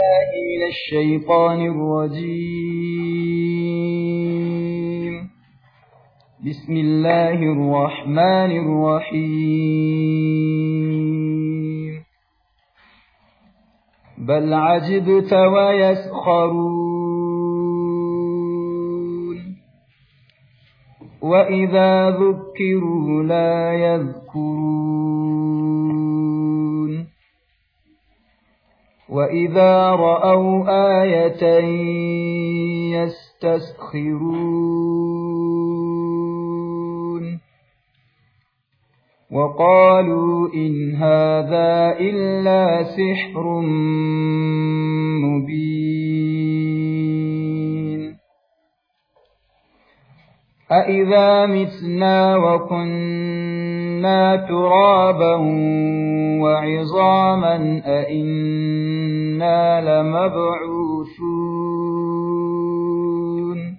من الشيطان الرجيم بسم الله الرحمن الرحيم بل عجبت ويسخرون وإذا ذكروا لا يذكرون وإذا رأوا آية يستسخرون وقالوا إن هذا إلا سحر مبين أَإِذَا مِتْنَا وَكُنَّا تُرَابًا وَعِظَامًا أَإِنَّا لَمَبْعُوثُونَ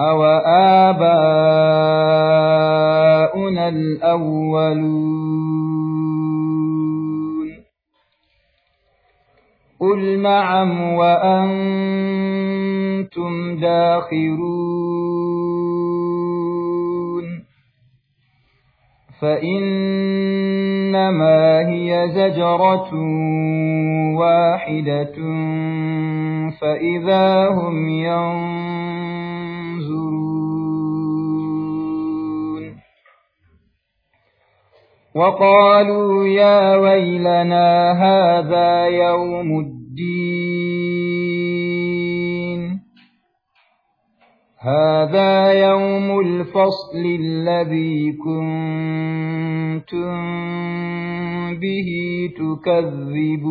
أَوَآبَاؤُنَا الْأَوَّلُونَ قُلْ نَعَمْ وَأَنْتُمْ أنتم داخرون فإنما هي زجرة واحدة فإذا هم ينظرون وقالوا يا ويلنا هذا يوم الدين هذا يوم الفصل الذي كنتم به تكذبون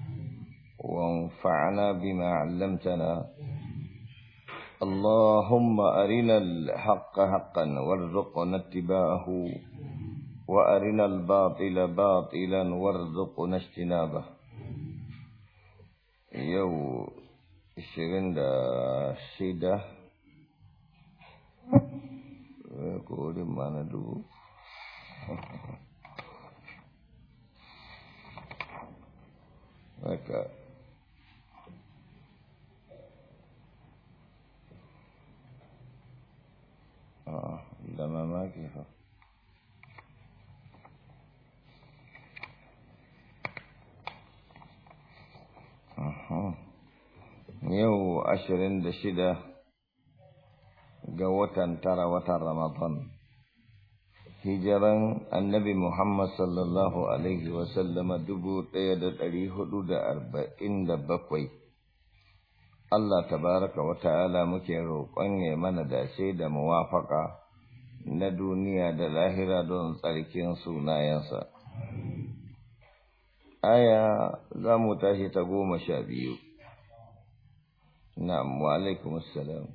وانفعنا بما علمتنا اللهم أرنا الحق حقا وارزقنا اتباعه وأرنا الباطل باطلا وارزقنا اجتنابه يو ishirin دا سيدا ko ما ندو na da mamaki fa yau ashirin da shida ga watan tara watan ramadan hijiran annabi muhammad sallallahu alaihi wasallama dubu ɗaya da ɗari hudu da arba'in da bakwai Allah tabaraka wa ta'ala muke roƙon ya mana dace da muwafaka na duniya da lahira don tsarkin sunayensa. Aya za mu tashi ta goma sha biyu. na wa alaikumussalam.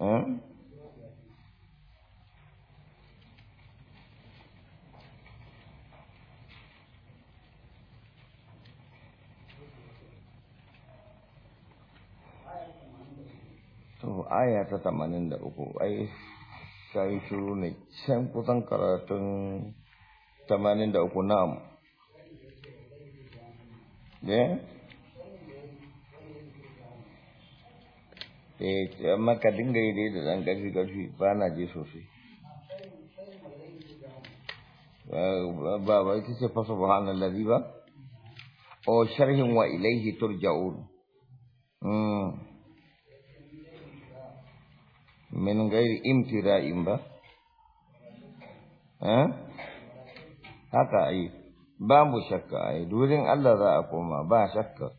Hmm? aya ta tamanin da uku ai sai shuru ne can kusan karatun tamanin da uku na'am ne eh amma ka dinga yi da ɗan ƙarfi ƙarfi ba na je sosai eh, ba ba ki ce fa subhanallazi ba o oh, sharhin wa ilaihi turja'un mm min gairi imtira'in ba haka ai babu shakka ai durin Allah za a koma ba shakka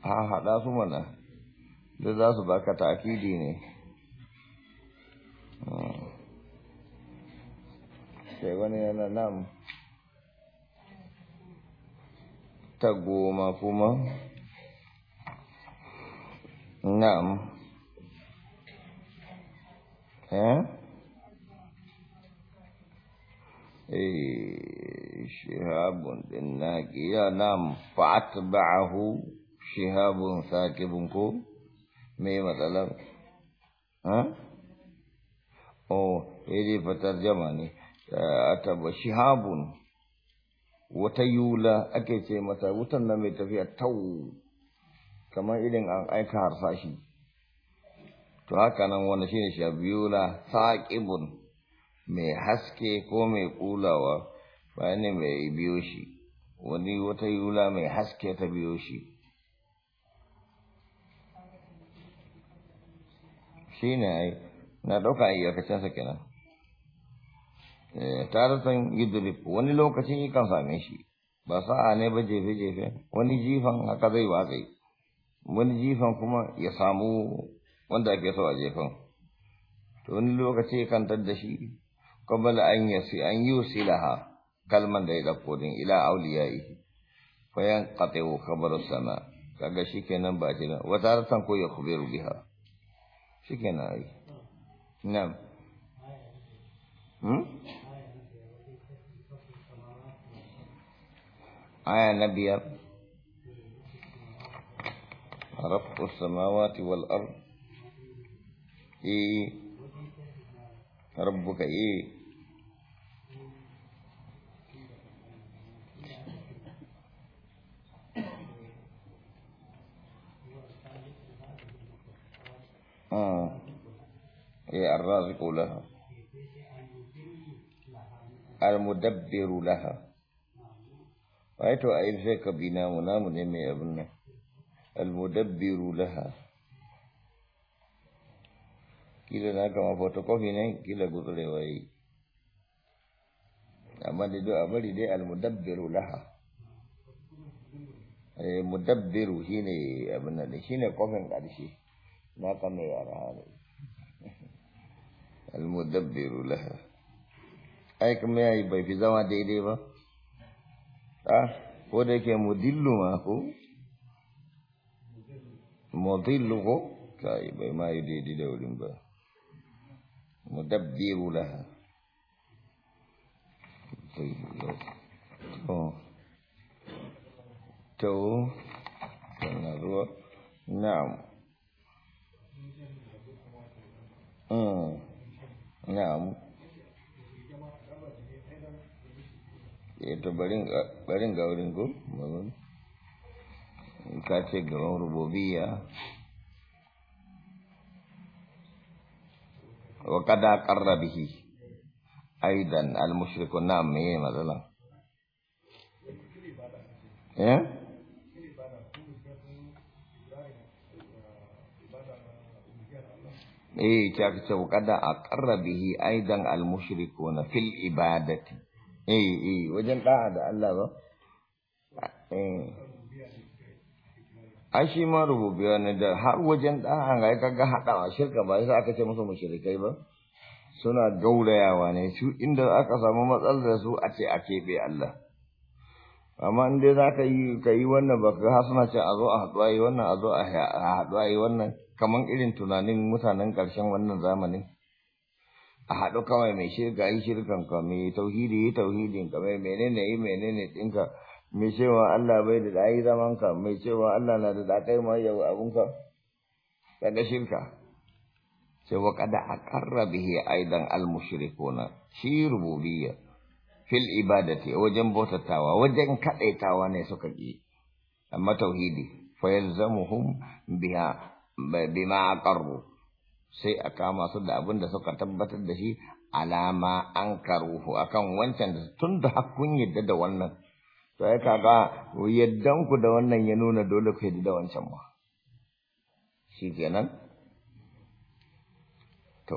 ha haɗa su mana da za su baka takidi ne sai wani yana nan ta goma kuma Naam. Shihabun din nakiya naam fa'atba'ahu shihabun sakibun ko me matsala ha oh idi fatarjama ne eh, ataba shihabun wata yula ake ce mata wutan nan mai tafiya tau kamar irin an aika harsashi to haka nan wanda shine shabiyula saqibun mai haske ko mai kulawa ne mai biyo shi wani wata yula mai haske ta biyo shi ne ai na dauka iyakacin sa kenan eh, taratan yudrip wani lokaci kan same shi ba sa'a ne ba jefe jefe wani jifan haka zai watsai wani jifan kuma ya samu wanda ake so a jefan to wani lokaci kantar da shi qabala an yasi an yusilaha kalman da ya dauko din ila auliyaihi fa yanqati'u khabaru sama kaga shikenan ba jina wata ratan ko ya khubiru biha shikenan ai na'am hmm aya nabiyya رب السماوات والأرض إيه ربك إيه آه إيه الرازق لها المدبر لها ويتو أيضا كبينا منام نمي أبنه المدبر لها kila da aka fotokofi ne kila gutsurewa yi amma da duk abari dai almudabbiru laha eh, mudabbiru shine abin da shine kofin ƙarshe na ka mai yara ne almudabbiru laha ai kuma yi bai fi zama daidai ba ko da ke mudillu ma ko مضل ko kai bai ma yi daidai da wurin ba mudabbiru laha to to kana ruwa na'am mm na'am ya to barin ga barin ga wurin ko ka ce gaban rububiya wa kada qarra bihi aidan al na me matsala eh eh ta ce wa aidan fil ibadati eh eh wajen da'a da Allah ba eh ai shi ma rububiya ne da har wajen an ga kaga a shirka ba sai aka ce musu mushrikai ba suna gaurayawa ne su inda aka samu matsalar da su a ce a keɓe Allah amma in dai za ka yi ka yi wannan ba ka suna ce a zo a haɗu a wannan a zo a haɗu a wannan kamar irin tunanin mutanen ƙarshen wannan zamani? a haɗu kawai mai shirka yi shirkan ka mai tauhidi yi tauhidin ka mai menene yi menene ɗinka mai cewa Allah bai da zaman zamanka mai cewa Allah na da dai mai yau ka. daga shirka sai wa kada aqarra bihi aidan al mushrikuna shi rububiyya fil ibadati wajen bautatawa wajen kadaitawa ne suka yi amma tauhidi fa yalzamuhum biha bima aqarru sai a kama su da abin da suka tabbatar da shi alama an akan wancan tunda da hakkun yadda da wannan to ai kaga yaddan ku da wannan ya nuna dole ku yadda da wancan ma shikenan to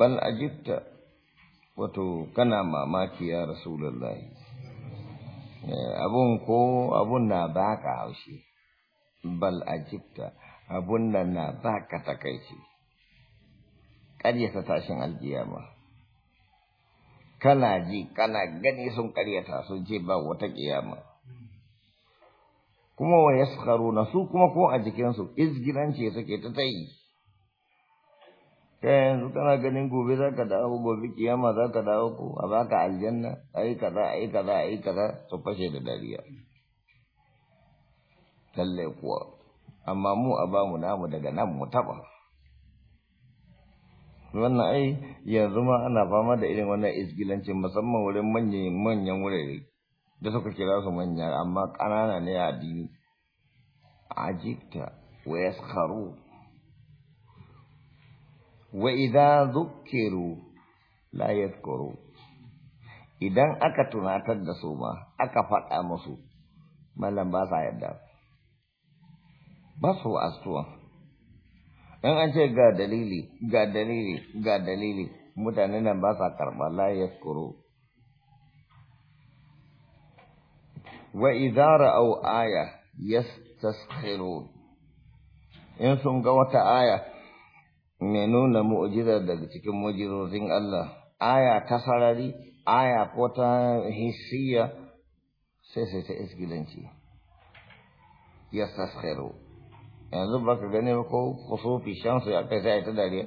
bal ajitta wato kana mamaki ya rasulullahi eh, abun ko abun na baka haushi bal ajibta abun nan na baka takaici ƙaryata tashin alkiyama kana ji kana gani sun karyata sun ce ba wata kiyama kuma wa na su kuma ko a jikinsu izgiranci suke ta ta yi kai yanzu kana ganin gobe za ka dawo gobe kiyama za ka dawo ko a ka aljanna yi kaza yi kaza yi kaza su fashe da dariya lalle kuwa amma mu a bamu namu daga nan mu taba wannan ai yanzu ma ana fama da irin wannan isgilancin musamman wurin manyan manyan wurare da suka kira su manya amma ƙanana ne a dini ajikta wa yaskharu wa idza dhukiru la yadhkuru idan aka tunatar da su ma aka faɗa musu mallam ba sa yadda ba su astuwa in an ce ga dalili ga dalili ga dalili mutane nan ba sa karɓa la yaskuru wa idara au aya yastaskhirun in sun ga wata aya mai nuna mu'jiza daga cikin mu'jizozin Allah aya ta sarari aya ko ta hissiya sai sai ta isgilanci yastaskhirun yanzu ba ka gani ko kuso fishansu ya kai sai ta dariya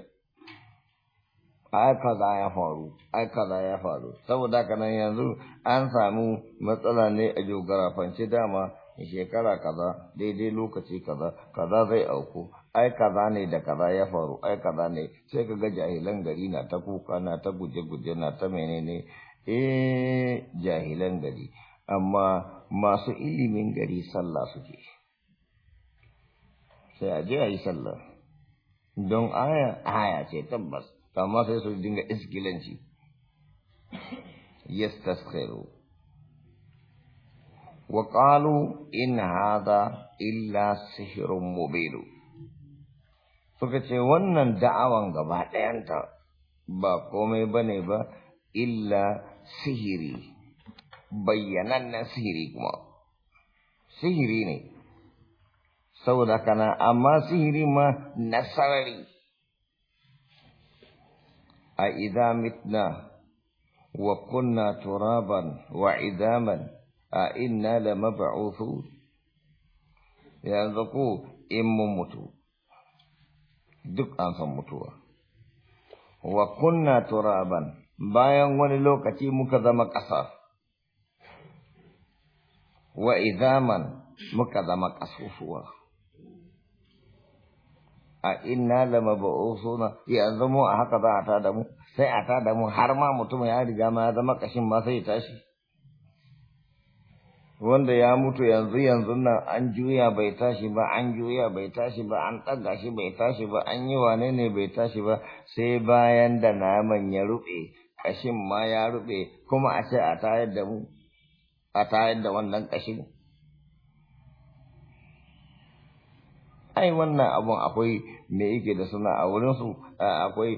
ai kaza ya faru ai kaza ya faru saboda ka nan yanzu an samu matsala ne a jogara fance dama shekara kaza daidai lokaci kaza kaza zai auku ai kaza ne da kaza ya faru ai kaza ne sai ka ga jahilan gari na ta kuka na ta guje-guje na ta menene e jahilan gari amma masu ilimin gari sallah suke sai a je a yi sallar don aya aya ce tabbas amma sai su dinga iskilanci yastaskhiru wa qalu in hadha illa sihrun mubin suka ce wannan da'awan gaba ɗayanta ba komai ba ne ba illa sihiri na sihiri kuma sihiri ne saboda kana amma sihiri ma nasarari a idamitna wa kunna turaban wa idaman a inna da maba'uthu yanzu ko in mun mutu duk an san mutuwa wa kunna turaban bayan wani lokaci muka zama ƙasa wa idaman muka zama ƙasusuwa a inna mabu'u suna yanzu mu a haka za a ta da mu sai a ta da mu har ma mutum ya riga ma ya zama kashin ma sai ya tashi wanda ya mutu yanzu yanzu nan an juya bai tashi ba an juya bai tashi ba an ɗaga shi bai tashi ba an yi wane ne bai tashi ba sai bayan da naman ya ruɓe kashin ma ya ruɓe kuma a ce a tayar da mu a tayar da wannan kashin. ai wannan abun akwai me yake da suna a wurin su akwai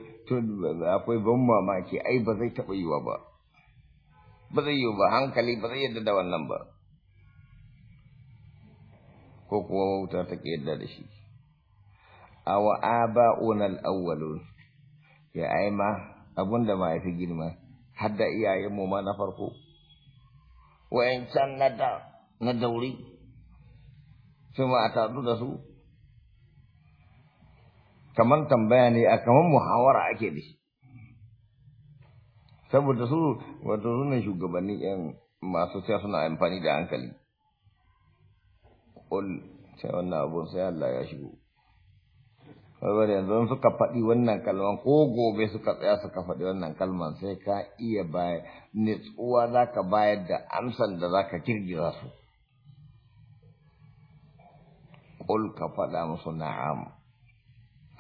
akwai ban mamaki ai ba zai taɓa yiwa ba ba zai yi ba hankali ba zai yadda da wannan ba ko kuwa wauta take yadda da shi A aw ba onal awwalun ya aima abunda ma yafi girma har da iyayen mu ma na farko wayan can na da na dauri Su ma a tadu da su kaman tambaya ne a kaman muhawara ake da shi saboda su wato sunan shugabanni yan masu sai suna amfani da hankali ƙul sai wannan abun sai Allah ya shigo saboda yanzu suka faɗi wannan kalman ko gobe suka tsaya suka faɗi wannan kalman sai ka iya bayar nitsuwa za ka bayar da amsan da za ka kirgira su ƙul ka faɗa musu na'am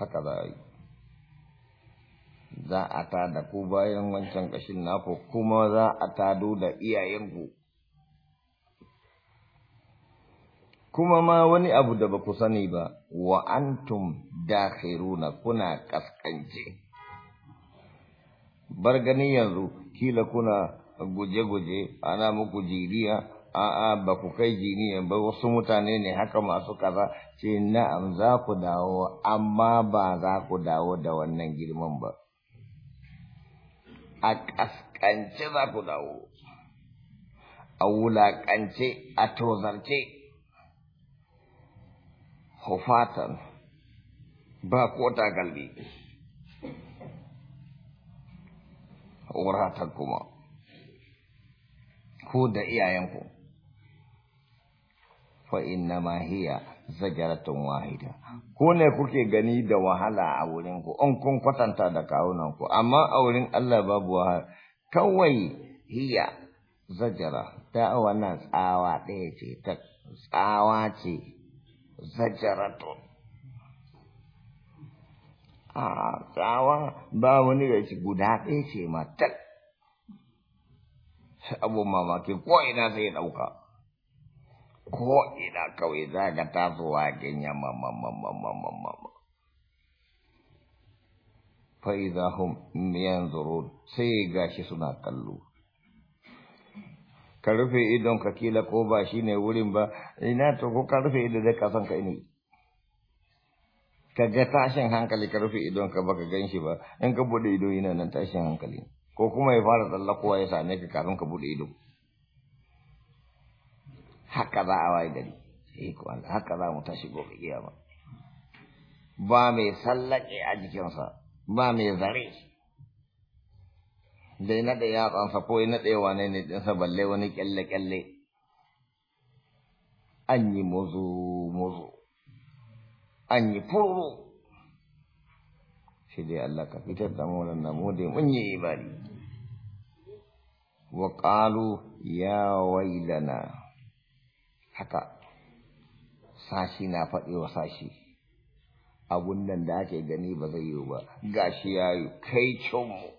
haka za a yi za a ta da ku bayan wancan ƙashin naku kuma za a tado da iyayenku kuma ma wani abu da ba ku sani ba wa antum dakhiruna kuna kaskance bar gani yanzu kila kuna guje-guje ana muku jiriya a'a ba ku kai jini ba wasu mutane ne haka masu kaza ce na'am za ku dawo amma ba za ku dawo da wannan girman ba a kaskance za ku dawo a wulaƙance a tozarce hufatan ba ko takalmi wuratan kuma ko da iyayenku fa ma hiya zajaratun wahida ko ne kuke gani da wahala a wurin ku in kun kwatanta da kawunan ku amma a wurin Allah babu wahala kawai hiya zajara ta wannan tsawa ɗaya ce ta tsawa ce zajaratun a tsawa ba wani da shi guda ɗaya ce ma, tal. abun mamaki ko ina sai ya ɗauka ko ina kawai za ka tasowa ganyen mamamamamamamamam fa'iza hum miyan zuru sai gashi suna kallo ka rufe idon ka kila ko ba shi ne wurin ba ina to ko ka rufe idon da ka san ka ini ka ga tashin hankali ka rufe idon ka baka gan shi ba in ka bude ido ina nan tashin hankali ko kuma ya fara tsallakowa ya same ka kafin ka bude ido haka za a waye gari eh haka za mu tashi gobe kiyama ba mai sallake a jikinsa ba mai zare da ya kan sa, ko ya naɗe wane ne ɗinsa balle wani kyalle-kyalle an yi muzu-muzu an yi furu shi dai Allah ka fitar da mu nan mu dai mun yi ibadi wa qalu ya wailana haka sashi na faɗi sashi abun nan da ake gani ba zai yiwu ba gashi ya yi kai cinmu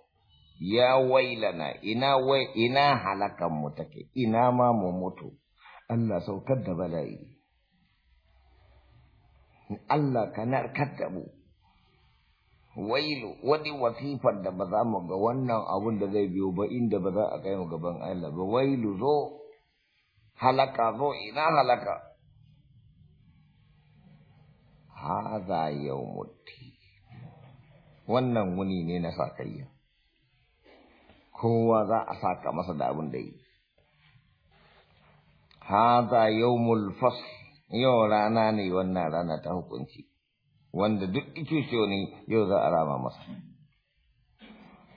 ya wailana ina wai ina halakan mu take ina ma mu mutu Allah saukar da bala'i Allah ka narkar wailu wani wasifar da ba za mu ga wannan abun da zai biyo ba inda ba za a kai mu gaban Allah ba wailu zo halaka zo ina halaka yau mutti wannan wuni ne na sakayya kowa za a saka masa da abin da yi hadha yawmul fasl yau rana ne wannan rana ta hukunci wanda duk ikiyo ne yau za a rama masa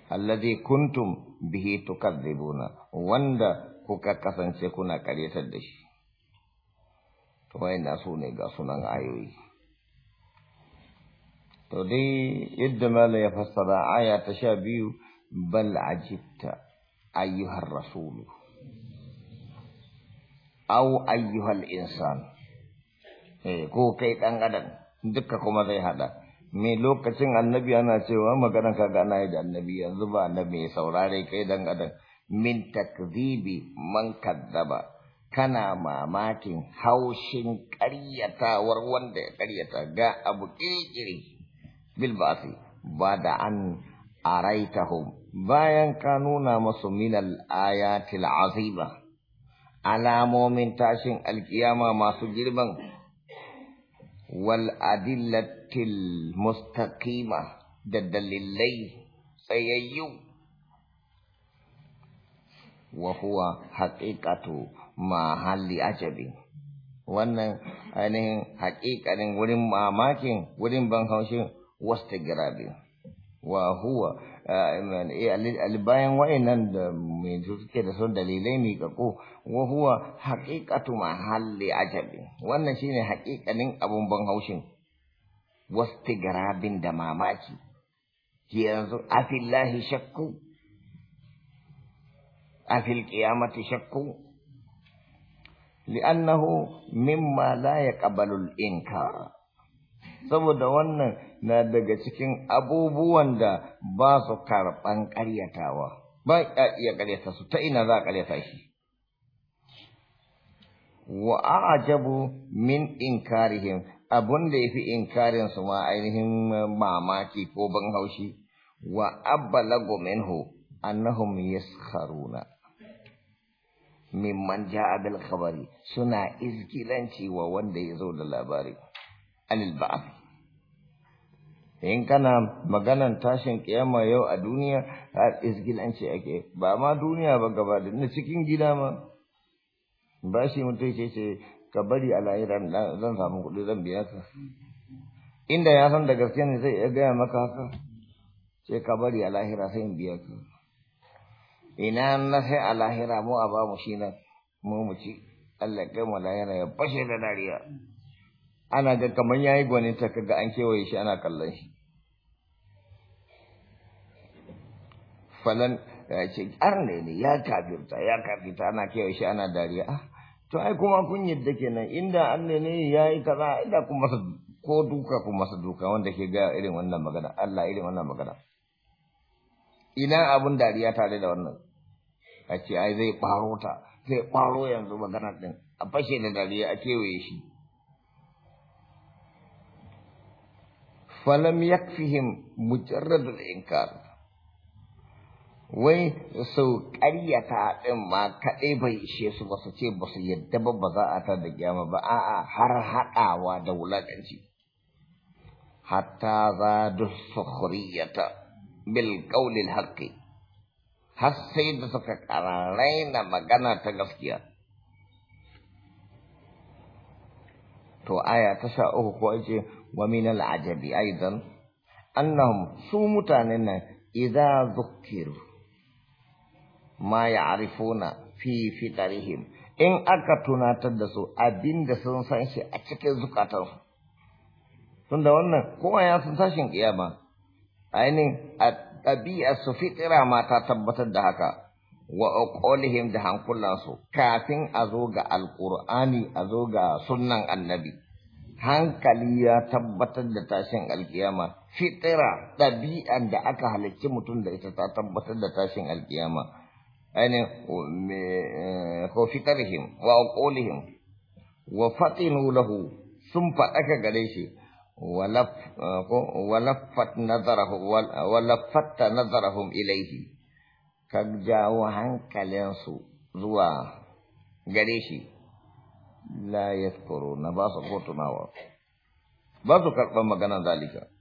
alladhi kuntum bihi tukadzibuna wanda Ko ka kasance kuna karyatar da shi to wayanna su ne ga sunan ayoyi to dai yadda mala ya fassara aya ta sha biyu bal ajibta ayyuhar rasulu au ayyuhal insan eh ko kai dan adam duka kuma zai hada me lokacin annabi ana cewa magana ka ga nayi da annabi yanzu ba annabi ya saurare kai dan adam من تكذيب من كذب كنا ما ماكين حوشين كريتا وروان ده كريتا غا أبو تيجري بالباسي بعد أن أريتهم بايان كانونا مسمين الآيات العظيمة على مؤمن تاشين القيامة ما سجربن والأدلة المستقيمة دلللي سيئيو wa huwa haqiqatu halli ajabi wannan ainihin haƙiƙanin wurin mamakin wurin ban haushin wasta girabi wa huwa bayan wa'annan da mai suke da son dalilai mai kako wa huwa haqiqatu mahalli ajabi wannan shine haƙiƙanin abun ban haushin wasta girabin da mamaki ki yanzu afillahi shakku أفي shakku? شك لأنه مما لا يقبل inkar saboda wannan na daga cikin abubuwan da ba su karɓan ƙaryatawa ba a iya ƙaryata su ta ina za a ƙaryata shi wa a'jabu min inkarihim abun da yafi inkarin su ma ainihin mamaki ko ban haushi wa abbalagu minhu annahum yaskharuna mimman ja'a bil khabari suna izgilanci wa wanda ya zo da labari alil ba'ath in kana maganan tashin kiyama yau a duniya a izgilanci ake ba ma duniya ba gaba da na cikin gida ma ba shi mutum ce ce ka bari a lahiran zan samu kuɗi zan biya ka inda ya san da gaske ne zai iya gaya maka haka sai ka bari a lahira sai in biya ka ina na sai a lahira mu a ba mu shi nan mu mu ci Allah kai mu lahira ya fashe da dariya ana ga kamar yayi gwaninta kaga an kewaye shi ana kallon shi falan ya ce arne ne ya kafirta ya kafirta ana kewaye shi ana dariya ah to ai kuma kun yadda kenan inda Allah ne yayi kaza inda kun masa ko duka kuma masa duka wanda ke ga irin wannan magana Allah irin wannan magana ina abun dariya tare da wannan a ce ai zai ɓaro ta zai ɓaro yanzu magana ɗin a fashe da dariya a kewaye shi falam yakfihim da inkar wai sau ƙaryata ɗin ma kaɗai bai ishe su ba su ce ba su yadda ba ba za a ta da gyama ba a'a har haɗawa da wulaƙanci hatta za da sukhriyata bil qawlil haqqi har sai da suka kararai na magana ta gaskiya to aya ta sha uku ko ce wa min al'ajabi aidan annahum su mutanen nan idza zukiru ma ya'rifuna fi fitarihim in aka tunatar da su abinda sun san a cikin zukatansu tunda wannan kowa ya san tashin kiyama ainihin a ɗabi'a su fitira ma ta tabbatar da haka wa ƙolihim da su kafin a zo ga alƙur'ani a zo ga sunnan annabi hankali ya tabbatar da tashin alkiyama fitira ɗabi'an da aka halicci mutum da ita ta tabbatar da tashin alkiyama aini eh, ko fitarhim wa ƙolihim wa fatinu lahu sun faɗaka gare shi walaffat uh, uh, nazarahum walaffatta nazarahum ilaihi ka jawo hankalinsu zuwa gare shi la na ba su ko tunawa ba su karɓar magana zalika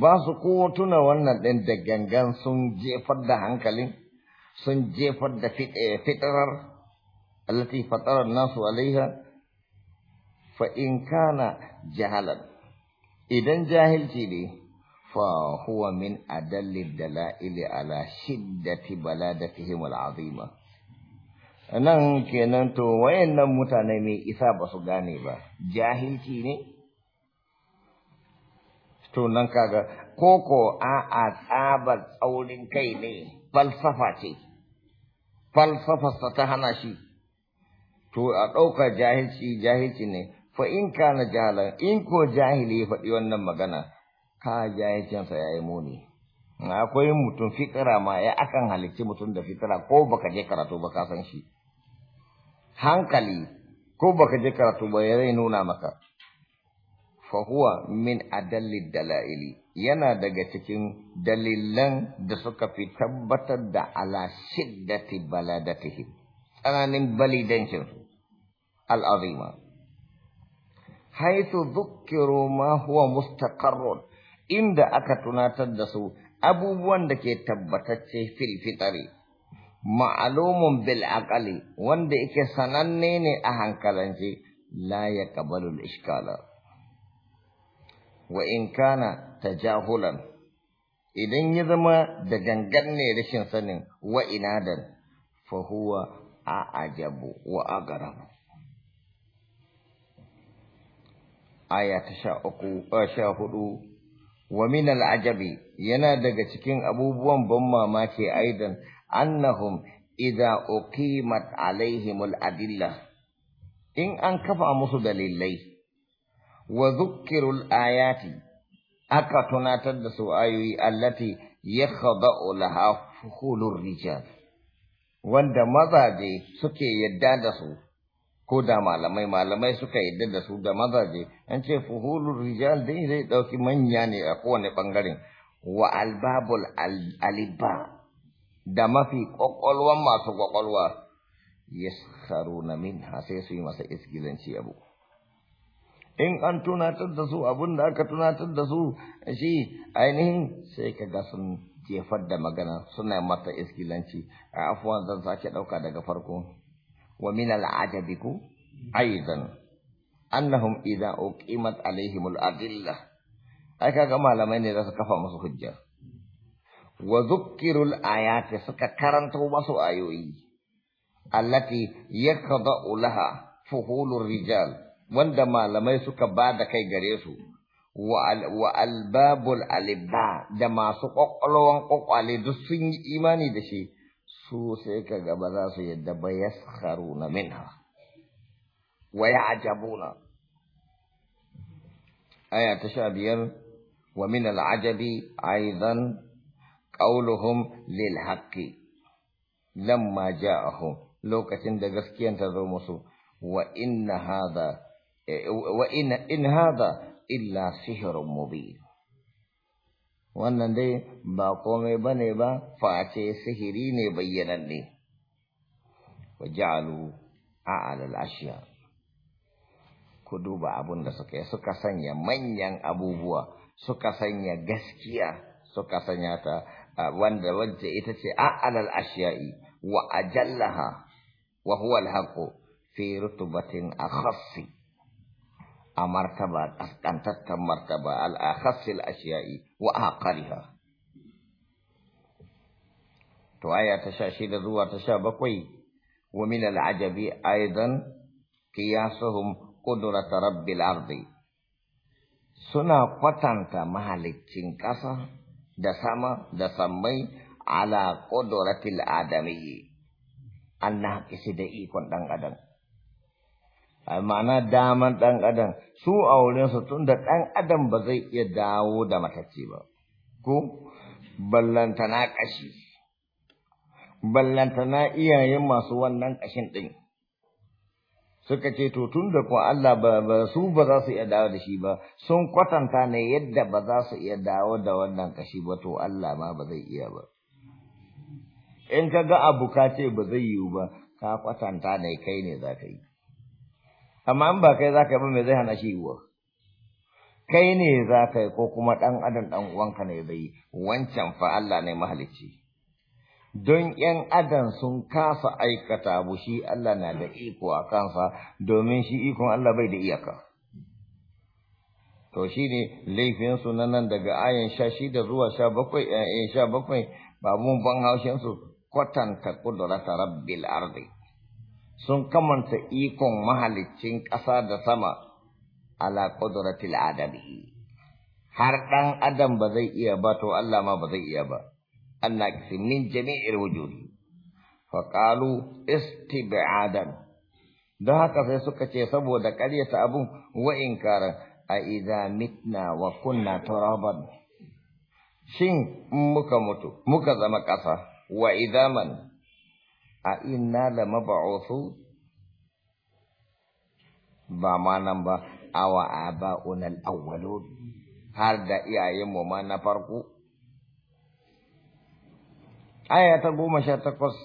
ba su ko tuna wannan ɗin da gangan sun jefar da hankalin sun jefar da eh, fitarar allati fatara nasu alaiha fa in kana jahalan idan jahilci ne fa huwa min adalli dalaili ala shiddati baladatihim al'azima nan kenan to wayannan mutane mai isa ba su gane ba jahilci ne to nan kaga koko a a tsabar tsaurin kai ne falsafa ce falsafa ta hana shi to a ɗaukar jahilci jahilci ne fa in kana jahalan in ko jahili ya faɗi wannan magana ka jahilcinsa ya yi muni akwai mutum fitira ma ya akan halicci mutum da fitira ko baka je karatu ba ka san shi hankali ko baka je karatu ba ya zai nuna maka fa huwa min adalli dalaili yana daga cikin dalilan da suka fi tabbatar da ala shiddati baladatihim tsananin balidancin al'azima haitu dhukkiru ma huwa mustaqarrun inda aka tunatar da su abubuwan da ke tabbatacce fil fitari ma'lumun bil aqali wanda yake sananne ne a hankalance la yaqbalu al iskala wa in kana tajahulan idan ya zama da gangan ne rashin sanin wa inadan fa huwa ajabu wa agarabu aya ta sha uku sha hudu wa min al'ajabi yana daga cikin abubuwan ban mamaki aidan annahum idza uqimat alaihim al'adilla in an kafa musu dalilai wa dhukkiru al'ayati aka tunatar da su ayoyi allati yakhda'u laha fuhulur rijal wanda mazaje suke yadda da su ko da malamai malamai suka yadda da su da mazaje an ce fuhulur rijal dai zai dauki manya ne a kowane bangaren wa albabul aliba da mafi kwakwalwan masu kwakwalwa min ha sai su yi masa isgilanci abu in an tunatar da su abin da aka tunatar da su shi ainihin sai ka ga sun jefar da magana suna mata iskilanci a afuwan zan sake ɗauka daga farko ومن العجب أيضا أنهم إذا أقيمت عليهم الأدلة أكا كما لمن إذا سكفى مسو حجة وذكروا الآيات سكا كرنتو مسو آيوي التي يقضأ لها فهول الرجال وندما لمن سكا بعد كي جريسو والباب الألباء دما سقق لون قق علي دسين إيماني دشي سوسك قبل راسه يدب يسخرون منها ويعجبون آية تشابيا ومن العجب أيضا قولهم للحق لما جاءهم لو كتن دقسكي أنت ذو وإن هذا وإن إن هذا إلا سحر مبين wannan dai ba komai bane ba face sihiri ne ne wa ja'alu a'ala al-ashya ku duba abun da suka yi suka sanya manyan abubuwa suka sanya gaskiya suka sanya ta wanda wacce ita ce a'alal al-ashya'i wa ajallaha wa huwa al-haqqu fi rutubatin akhassi a martaba ƙasƙantattar martaba al'akhassil ashiya'i wa aqariha to aya ta sha shida zuwa ta sha bakwai wa min al'ajabi aidan qiyasuhum qudrat rabbil ardi suna kwatanta mahaliccin ƙasa da sama da sammai ala qudratil adamiyyi Allah kisi da ikon ɗan adam ma'ana daman ɗan adam su a wurinsu tun da ɗan adam ba zai iya dawo da matacce ba ko ballantana ƙashi ballantana iyayen masu wannan ƙashin ɗin suka ce to tun da kuwa Allah ba su ba za su iya dawo da shi ba sun kwatanta ne yadda ba za su iya dawo da wannan ƙashi ba to Allah ma ba zai iya ba in ka ga abu ka ce ba zai yiwu ba ka kwatanta ne kai ne za ka yi amma in ba kai za ka yi ba me zai hana shi yiwuwa kai ne za ka yi ko kuma ɗan adam ɗan uwanka ne zai wancan fa Allah ne mahalicci don ƴan adam sun kasa aikata bu shi Allah na da iko a kansa domin shi ikon Allah bai da iyaka to shi ne laifinsu na nan daga ayan sha shida zuwa sha bakwai eh, sha bakwai ba mun ban haushinsu kwatanta kudurata rabbil ardi sun kamanta ikon mahaliccin ƙasa da sama ala ƙuduratil adami har ɗan adam ba zai iya ba to Allah ma ba zai iya ba Allah min jami'ir wujudi fa qalu istib'adan don haka sai suka ce saboda ƙaryata abun wa inkaran a idza mitna wa kunna turaban shin muka mutu muka zama ƙasa wa idaman a inna la mab'uthu ba ma nan ba awa aba'una al-awwalun har da iyayen mu ma na farko aya ta goma sha takwas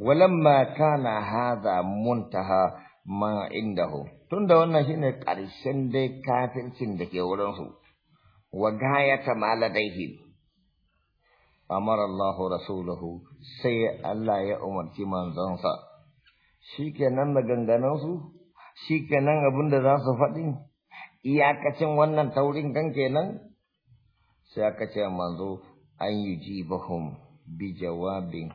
walamma kana hadha muntaha ma indahu tunda wannan shine ƙarshen dai kafircin da ke wurin su wa gayata maladaihi amar Allah rasulahu sai Allah ya umarci manzonsa shikenan maganganun su shikenan abin da za su faɗi iyakacin wannan taurin kan kenan sai aka ce manzo an yi yujibahum bi jawabin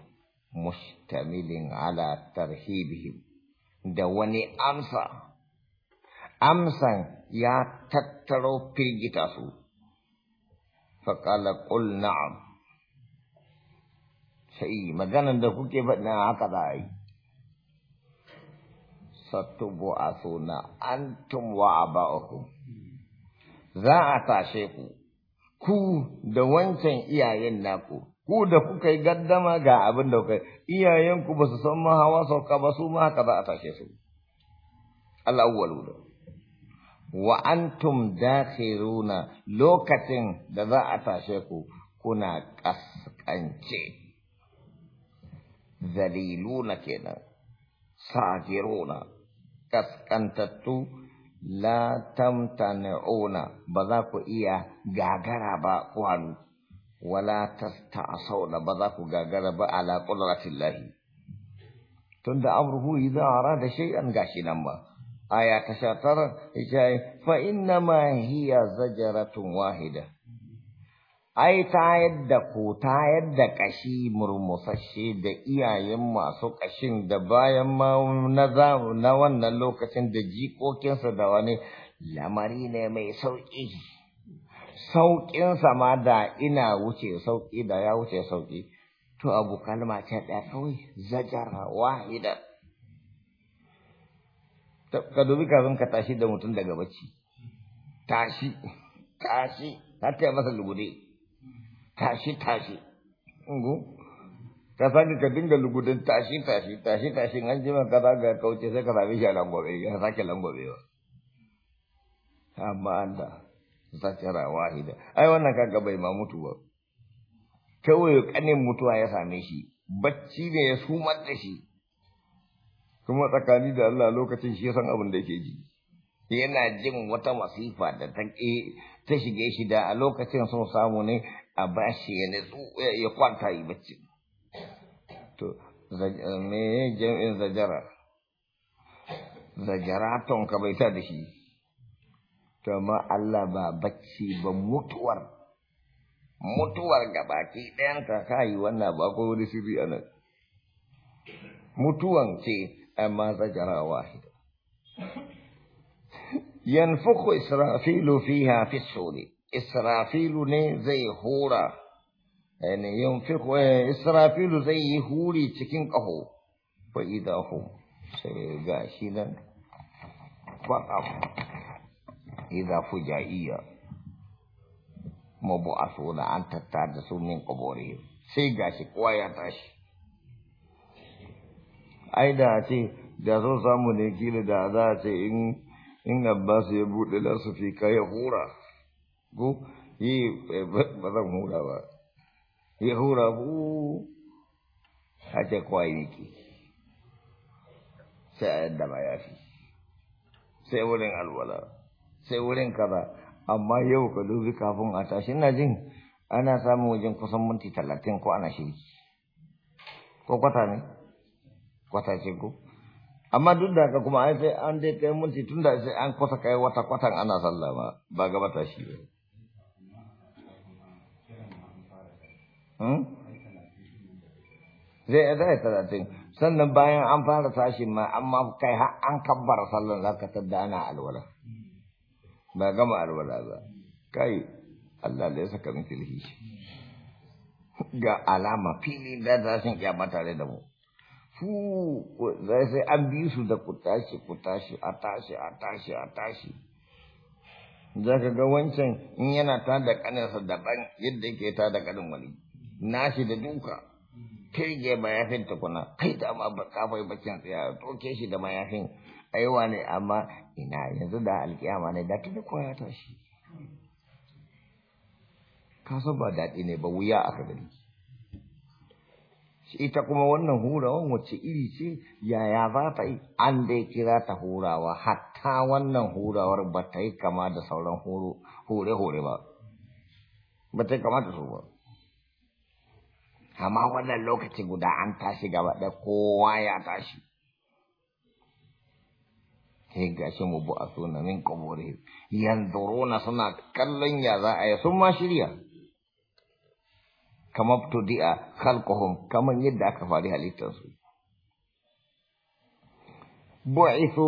mustamilin ala tarhibihim da wani amsa amsan ya tattaro firgita su faƙala ƙul na'am sai maganan da kuke faɗin haka za a yi sattubu a suna antum wa aba'ukum za a tashe ku ku da wancan iyayen naku ku da kuka yi gaddama ga abin da kuka iyayenku ba su san ma hawa sauka ba su ma haka za a tashe su al'awwalu da wa antum dakhiruna lokacin da za a tashe ku kuna kaskance zaliluna kenan sajiruna kaskantattu la tamtani'una ba za ku iya gagara ba ku hannu wala tasta'sauna ba za ku gagara ba ala qudratillahi tunda amruhu idza arada shay'an gashi nan ba aya ta 19 fa inna ma hiya zajratun wahida ai tayar da ku tayar da ƙashi murmusashe da iyayen masu ƙashin da bayan ma na na wannan lokacin da jikokinsa da wani lamari ne mai sauƙi sauƙinsa ma da ina wuce sauƙi da ya wuce sauƙi to abu kalma ce ɗaya kawai zajara wahida ka dubi kafin ka tashi da mutum daga bacci tashi tashi har ta masa lugude tashi tashi Ngu? ka sani ka dinga lugudin tashi tashi tashi tashi an ji ka za ga kauce sai ka zabe shi a langobe ya sake langobe ba amma an da zakara wahida ai wannan kaga bai ma mutu ba kawai kanin mutuwa ya same shi bacci ne ya sumar da shi kuma tsakani da Allah lokacin shi ya san abin da yake ji yana jin wata masifa da ta ta shige shi da a lokacin sun samu ne a bashi ya nutsu ya kwanta yi bacci to me jam'in zajara ton ka bai ta da shi to amma Allah ba bacci ba mutuwar mutuwar baki ɗayanta ka yi wannan ba ko wani sirri a nan mutuwan ce amma zajara wahida yanfuku israfilu fiha fi suri israfilu ne zai hura ainihin eh, israfilu zai yi huri cikin ƙaho fa idahu sai ga shi nan a mabu a so mabu'asuna an tatta da su min qaburihim sai ga shi kowa ya tashi ai da ce da so samu ne kila da za a ce in in abbas ya buɗe lasu fi ka ya hura ko yi eh, ba zan hura ba yi hura bu a ce kwayi niki sai a yadda ba ya fi sai wurin alwala sai wurin kaza amma yau ka dubi kafin a tashi na jin ana samun wajen kusan minti talatin ko ana shiri ko kwata ne kwata ce ko amma duk da haka kuma ai sai an dai kai minti tunda sai an kusa kai wata kwatan ana sallama ba gaba tashi ba Hmm? zai ya zai talatin sannan bayan an fara tashin ma amma kai har an kabbara sallan za ka tadda ana alwala ba gama alwala ba kai Allah da ya saka min tilhi ga alama fili da tashin kyama tare da mu fu zai sai an bi su da ku tashi ku tashi a tashi a tashi a tashi za ka ga wancan in yana ta da sa daban yadda yake ta da kanin wani nashi da duka kirge mayafin tukuna kai da ma ba kafai bakin tsaya toke shi da mayafin aiwa ne amma ina yanzu da alkiyama ne da tuni koya ta shi ka san ba daɗi ne ba wuya aka gani ita kuma wannan hurawan wacce iri ce yaya za ta yi an dai kira ta hurawa hatta wannan hurawar ba ta yi kama da sauran hore-hore ba ba ta yi kama da su ba amma wannan lokaci guda an tashi gaba da kowa ya tashi sai gashi mu bu a suna min kabore rona suna kallon ya za a yi sun ma shirya di a khalquhum kamar yadda aka faru halittarsu bu'ifu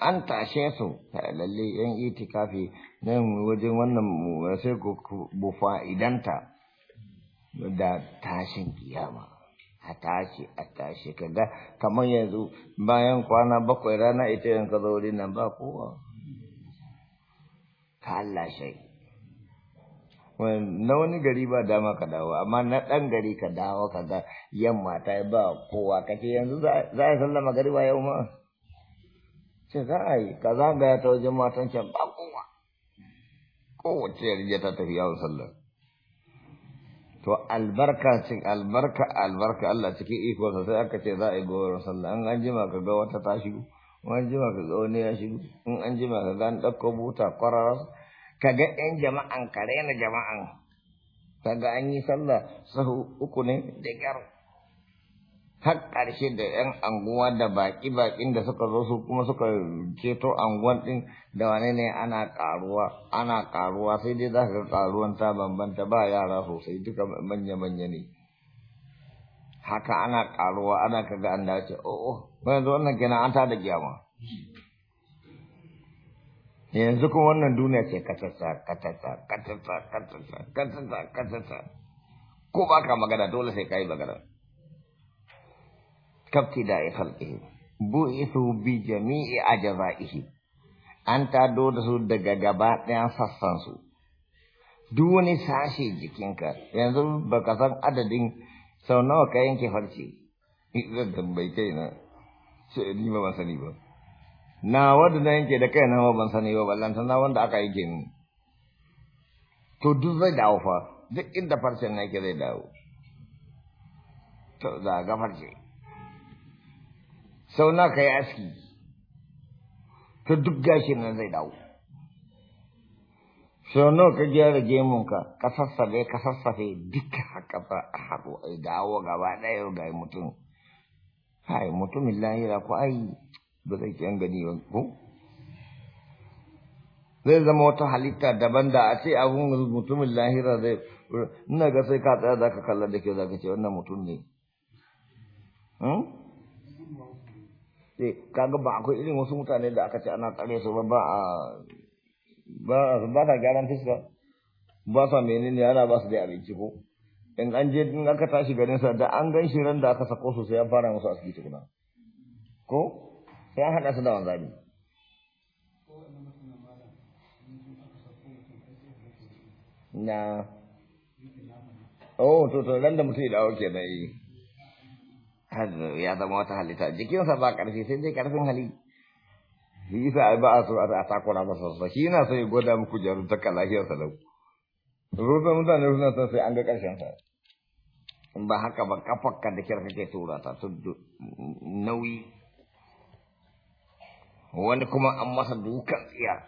an tashe su lalle yan itikafi nan wajen wannan sai ku bufa fa'idanta da tashin kiyama a tashi a tashi kaga kamar yanzu bayan kwana bakwai rana ita yanka zauri nan ba kowa ka Allah na wani gari ba dama ka dawo amma na ɗan gari ka dawo ka ga yamma ta ba kowa kake yanzu za a yi gari ba yau ma ce za a yi ka gaya ta wajen matan can ba kowa kowace yarjeta ta tafi yawon sallah to albarka cin albarka albarka Allah cikin ikonsa sai aka ce za a yi goron sallah an an jima ka ga wata ta shigo an jima ka ga wani ya shigo in an jima ka ga an ɗauko buta kwararas ka ga ƴan jama'an ka raina jama'an kaga an yi sallah sahu uku ne da ƙyar har ƙarshe da 'yan anguwa da baƙi-baƙin da suka zo su kuma suka ceto anguwan ɗin da wane ne ana ƙaruwa ana ƙaruwa sai dai za ka ga ƙaruwan ta bambanta ba yara sosai duka manya-manya ne haka ana ƙaruwa ana kaga an dace o'o oh, oh, yanzu wannan kenan an tada gyama yanzu kuma wannan duniya ce katata katata katata katata katata katata ko ba ka magana dole sai ka yi magana كابتداء خلقه بوئثوا بجميع أجزائه أنت دود an جبات سسانسو دون ساشي جكينك ينزل بكثر عددين sau nawa ka yanke farce zan tambayi kai na ni ba ban sani ba na wanda na yanke da kai na ma ban sani ba ballan na wanda aka yanke ni to duk to farce sau na ka yi aski ta duk gashi nan zai dawo sau na ka gyara gemunka ka sassafe ka sassafe duka haka ba a haɗu a dawo gaba ɗaya ga mutum hai mutumin lahira ko ai ba zai kyan gani ba ko zai zama wata halitta daban da a ce abun mutumin lahira zai ina ga sai ka tsaya za ka kalla da ke za ka ce wannan mutum ne hmm? sai eh, kaga ba akwai irin wasu mutane da aka ce ana tsare su ba ba ba sa gyaran fiska ba sa menene yana ba su da abinci ko in an je in aka tashi garin sa da an gan shi ran da aka sako su sai an fara musu asibiti kuma ko sai an haɗa su da wanzami na oh to to ran da mutum ya dawo kenan yi. Eh. ya zama wata halitta jikinsa ba ƙarfi sai dai ƙarfin hali shi yasa ba a so a takura masa sa shi yana so ya gwada muku jarun ta kalahiyarsa lau rufin mutane suna son sai an ga ƙarshen sa in ba haka ba kafarka da kyar kake tura ta nauyi wani kuma an masa dukan tsiya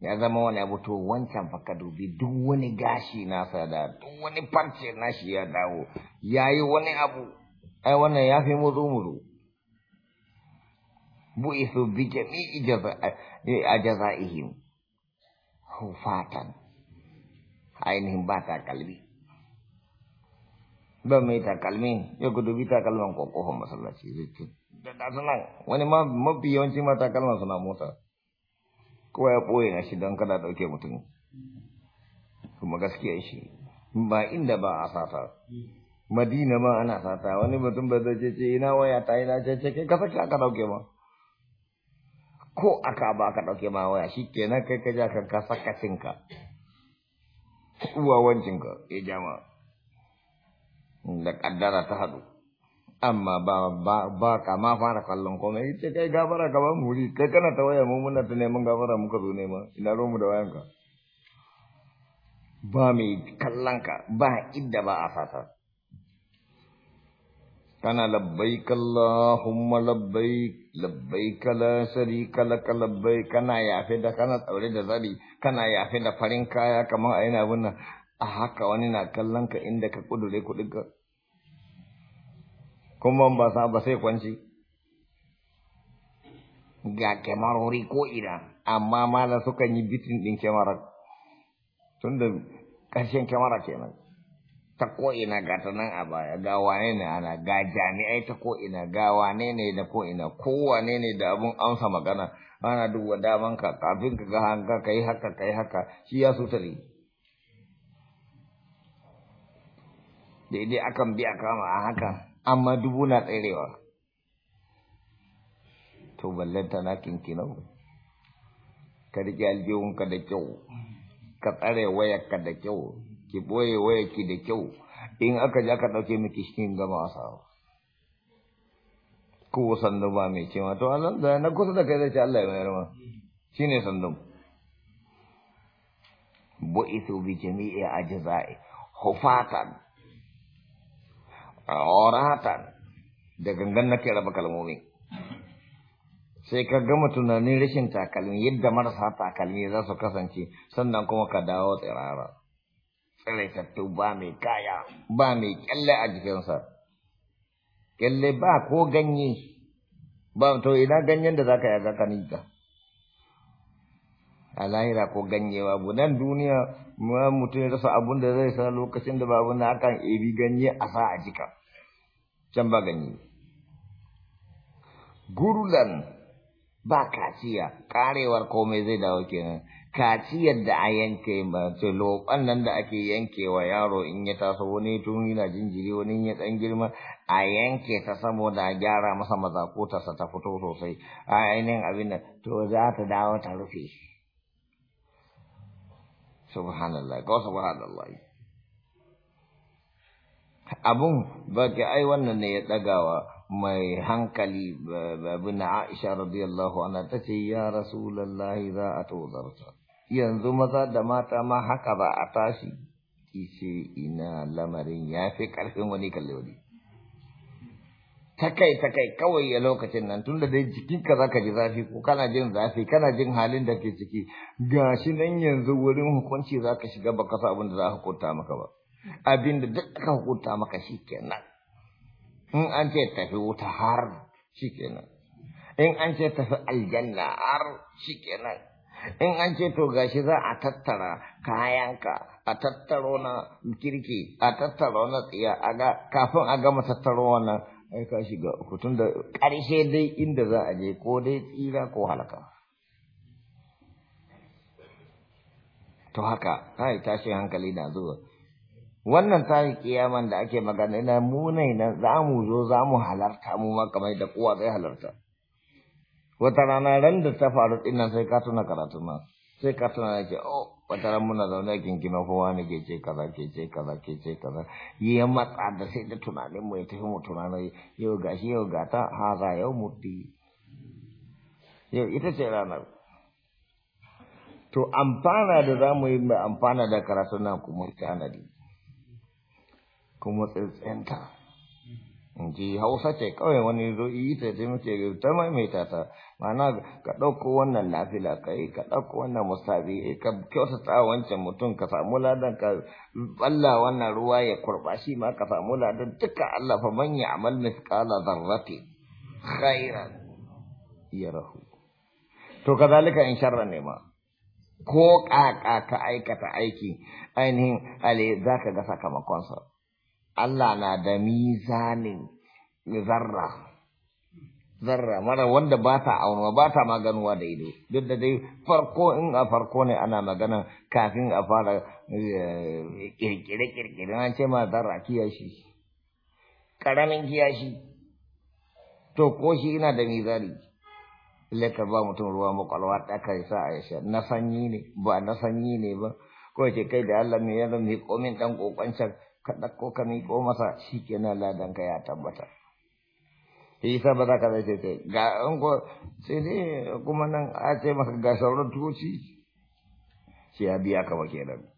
ya zama wani abu to wancan fa ka dubi duk wani gashi nasa da duk wani farce shi ya dawo yayi wani abu ai wannan ya fi muzu muzu isu bi jami'i jaza'ihim hufatan ainihin ba ta kalbi ba mai kalmi ya gudu bi ta kalman kokohon masallaci zai ce da wani mafi yawanci ma kalman suna mota kowa ya ɓoye na shi don kada ɗauke mutum kuma gaskiya shi ba inda ba a sata madina ma ana sata wani mutum ba zai ce ina waya ta ina ce ce kai kasar aka dauke ma ko aka ba aka dauke ma waya shi kenan kai ka ja kan ka saka cinka uwa wancinka ya eh, jama da kaddara ta hadu amma ba ba ba kama fara kallon komai ita kai gabara ka ba mu kai kana ta waya mu muna ta neman gabara muka zo nema ina ruwan mu da wayanka ba mai kallon ka ba idda ba a fata kana labbaik Allahumma labbaik labbaik la sharika lak labbaik kana yafe kana tsaure da zari kana yafe da farin kaya kamar a yana wannan a haka wani na kallon ka inda ka kudure kudin kuma ba sa ba sai kwanci ga kemarori ko ina amma sukan yi bitin din kemarar tunda ta ko'ina ga ta nan a baya ga wane ne ana ga jami'ai ta ko'ina ga wane ne da ko'ina kowane ne da abun amsa magana ana duba daman ka kafin ka ga hanga kai haka kai haka shi ya su tare daidai akan biya kama a haka amma dubu na tserewa to ballanta na kinkinau ka rike aljihunka da kyau ka tsare wayarka da kyau ki boye ki da kyau in aka je aka dauke miki cikin gama asawa ko sandu ba mai cewa to Allah da na kusa da kai zai ce Allah ya mayar ma shine sandu bu'ithu bi jami'i ajza'i hufatan auratan da gangan nake raba kalmomi sai ka gama tunanin rashin takalmi yadda marasa takalmi za su kasance sannan kuma ka dawo tsirara tsiraitattu ba mai kaya ba mai kyalle a jikinsa kyalle ba ko ganye ba to ina ganyen da za ka yaga ka a lahira ko ganye ba nan duniya mutum ya rasa abun da zai sa lokacin da babu na akan ebi ganye a sa a jika can ba ganye gurulan ba kaciya karewar komai zai dawo kenan kaciyar da a yanke mace loban nan da ake yanke wa yaro in ya taso wani tun yana jinjiri wani ya dan girma a yanke ta saboda a gyara masa mazakotarsa ta fito sosai a ainihin abin nan to za ta dawo ta rufe subhanallah ko subhanallah abun ba ai wannan ne ya dagawa mai hankali na Aisha radiyallahu anha tace ya Rasulullahi za a tozarta yanzu maza da mata ma haka ba a tashi kishi ina lamarin ya fi ƙarfin wani kalle wani takai takai kawai ya lokacin nan tun da dai jikinka zaka ji zafi ko kana jin zafi kana jin halin da ke ciki gashi nan yanzu wurin hukunci zaka shiga baka sa abin da za hukunta maka ba abin da duk aka hukunta maka shi kenan, in an ce tafi wuta har shi kenan, in an ce tafi aljanna har shi kenan. in an ce to gashi za a tattara kayanka a tattaro na kirki a tattaro na tsiya kafin a gama tattaro wannan aika shi ga da ƙarshe dai inda za a je ko dai tsira ko halaka to haka ai tashi hankali na zuwa wannan tashi kiyaman da ake magana ina munai na za mu zo za mu halarta mu ma kamar da kowa zai halarta wata rana ran da ta faru dinnan sai ka tuna karatu ma sai ka tuna yake oh wata ran muna zaune a gingina kowa wani ke ce kaza ke ce kaza ke ce kaza ya matsa da sai da tunanin mu ya tafi mu tunanin yau shi yau ha haza yau muddi yau ita ce ranar to amfana da za mu yi mai amfana da karatu na kuma tanadi kuma tsintsinta in ji hausa ce kawai wani zo yi ta ce muke ta mai ta Mana ka ɗauko wannan nafila ka yi, ka ɗauko wannan musabi, eh, ka kyautata wancan mutum ka samu ladan ka balla wannan ruwa ya kurɓashi ma ka samu ladan duka Allah fa man ya amal mithqala dharrati khairan yarahu. To kazalika in sharra ne ma. Ko ƙaƙa ka aikata aiki ainihin ale za ka ga sakamakonsa. Allah na da mizanin zarra. zarra mara wanda ba ta auna ba ta maganuwa da ido duk da dai farko in a farko ne ana magana kafin a fara eh, kirkire kirkire an ce ma zarra kiyashi karamin kiyashi to ko shi ina da mizari lekar ba mutum ruwa makwalwa ɗaka ya sa a yasha na sanyi ne ba na sanyi ne ba ko ce kai da Allah me ya mai komin dan can ka dauko ka miko masa shi shikenan ladan ka ya tabbata shi yasa ba za ka ce ga an ko sai dai kuma nan a ce maka ga sauran tuci sai ya biya ka ba kenan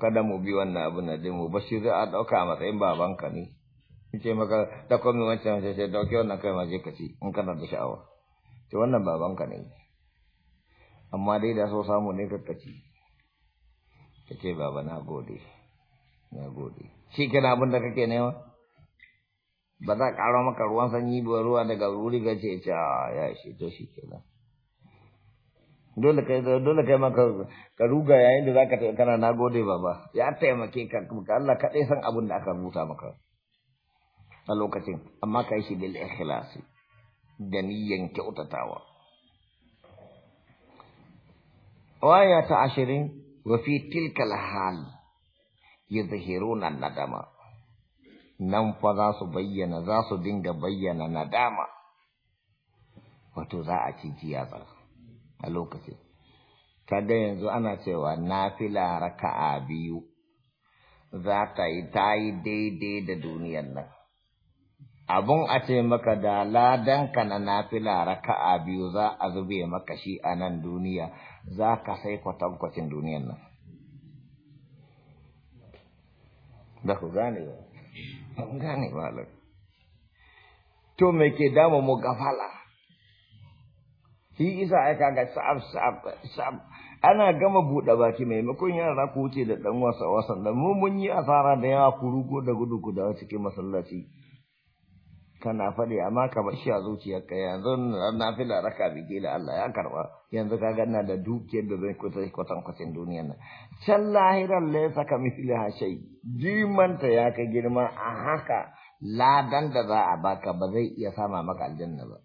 kada mu bi wannan abin de mu ba shi za a dauka eh, babanka ne maka da komai wancan sai sai dauke wannan kai ma je ka ci in kana da sha'awa to wannan babanka ne amma dai da so samu ne kakkaci ta ce baba na gode na gode shi kana abin da kake nema ba za ƙara maka ruwan sanyi ba ruwa daga wuri ga ce ce ya shi to shi ke nan dole kai dole kai maka ka ruga yayin da zaka na kana nagode baba ya taimake ka Allah kaɗai san abin da aka rubuta maka a lokacin amma ka yi shi bil ikhlasi da niyyan kyautatawa waya ta ashirin wa fi tilkal hal yadhhiruna nadama nan fa za su bayyana za su dinga bayyana nadama wato za a ci jiya ba a lokacin kada yanzu ana cewa nafila raka'a biyu za ta yi ta yi daidai da duniyar nan abun a ce maka da ladanka na nafila raka'a biyu za a zube maka shi a nan duniya za ka sai kwatankwacin duniyar nan da ku gane ba ba gane malam to me ke dama mu gafala shi isa ai kaga sab sab sab ana gama buɗe baki maimakon yara ku wuce da ɗan wasa wasan da mu mun yi asara da yawa ku da gudu da cikin masallaci kana faɗi amma ka bashi a zuciyarka yanzu na fi da raka biki da Allah ya karba yanzu ka ganna da dukiyar da zai kusa kwatan kwatan duniyar nan can lahirar la saka misli hashai dimanta ya ka girma a haka ladan da za a baka ba zai iya sama maka aljanna ba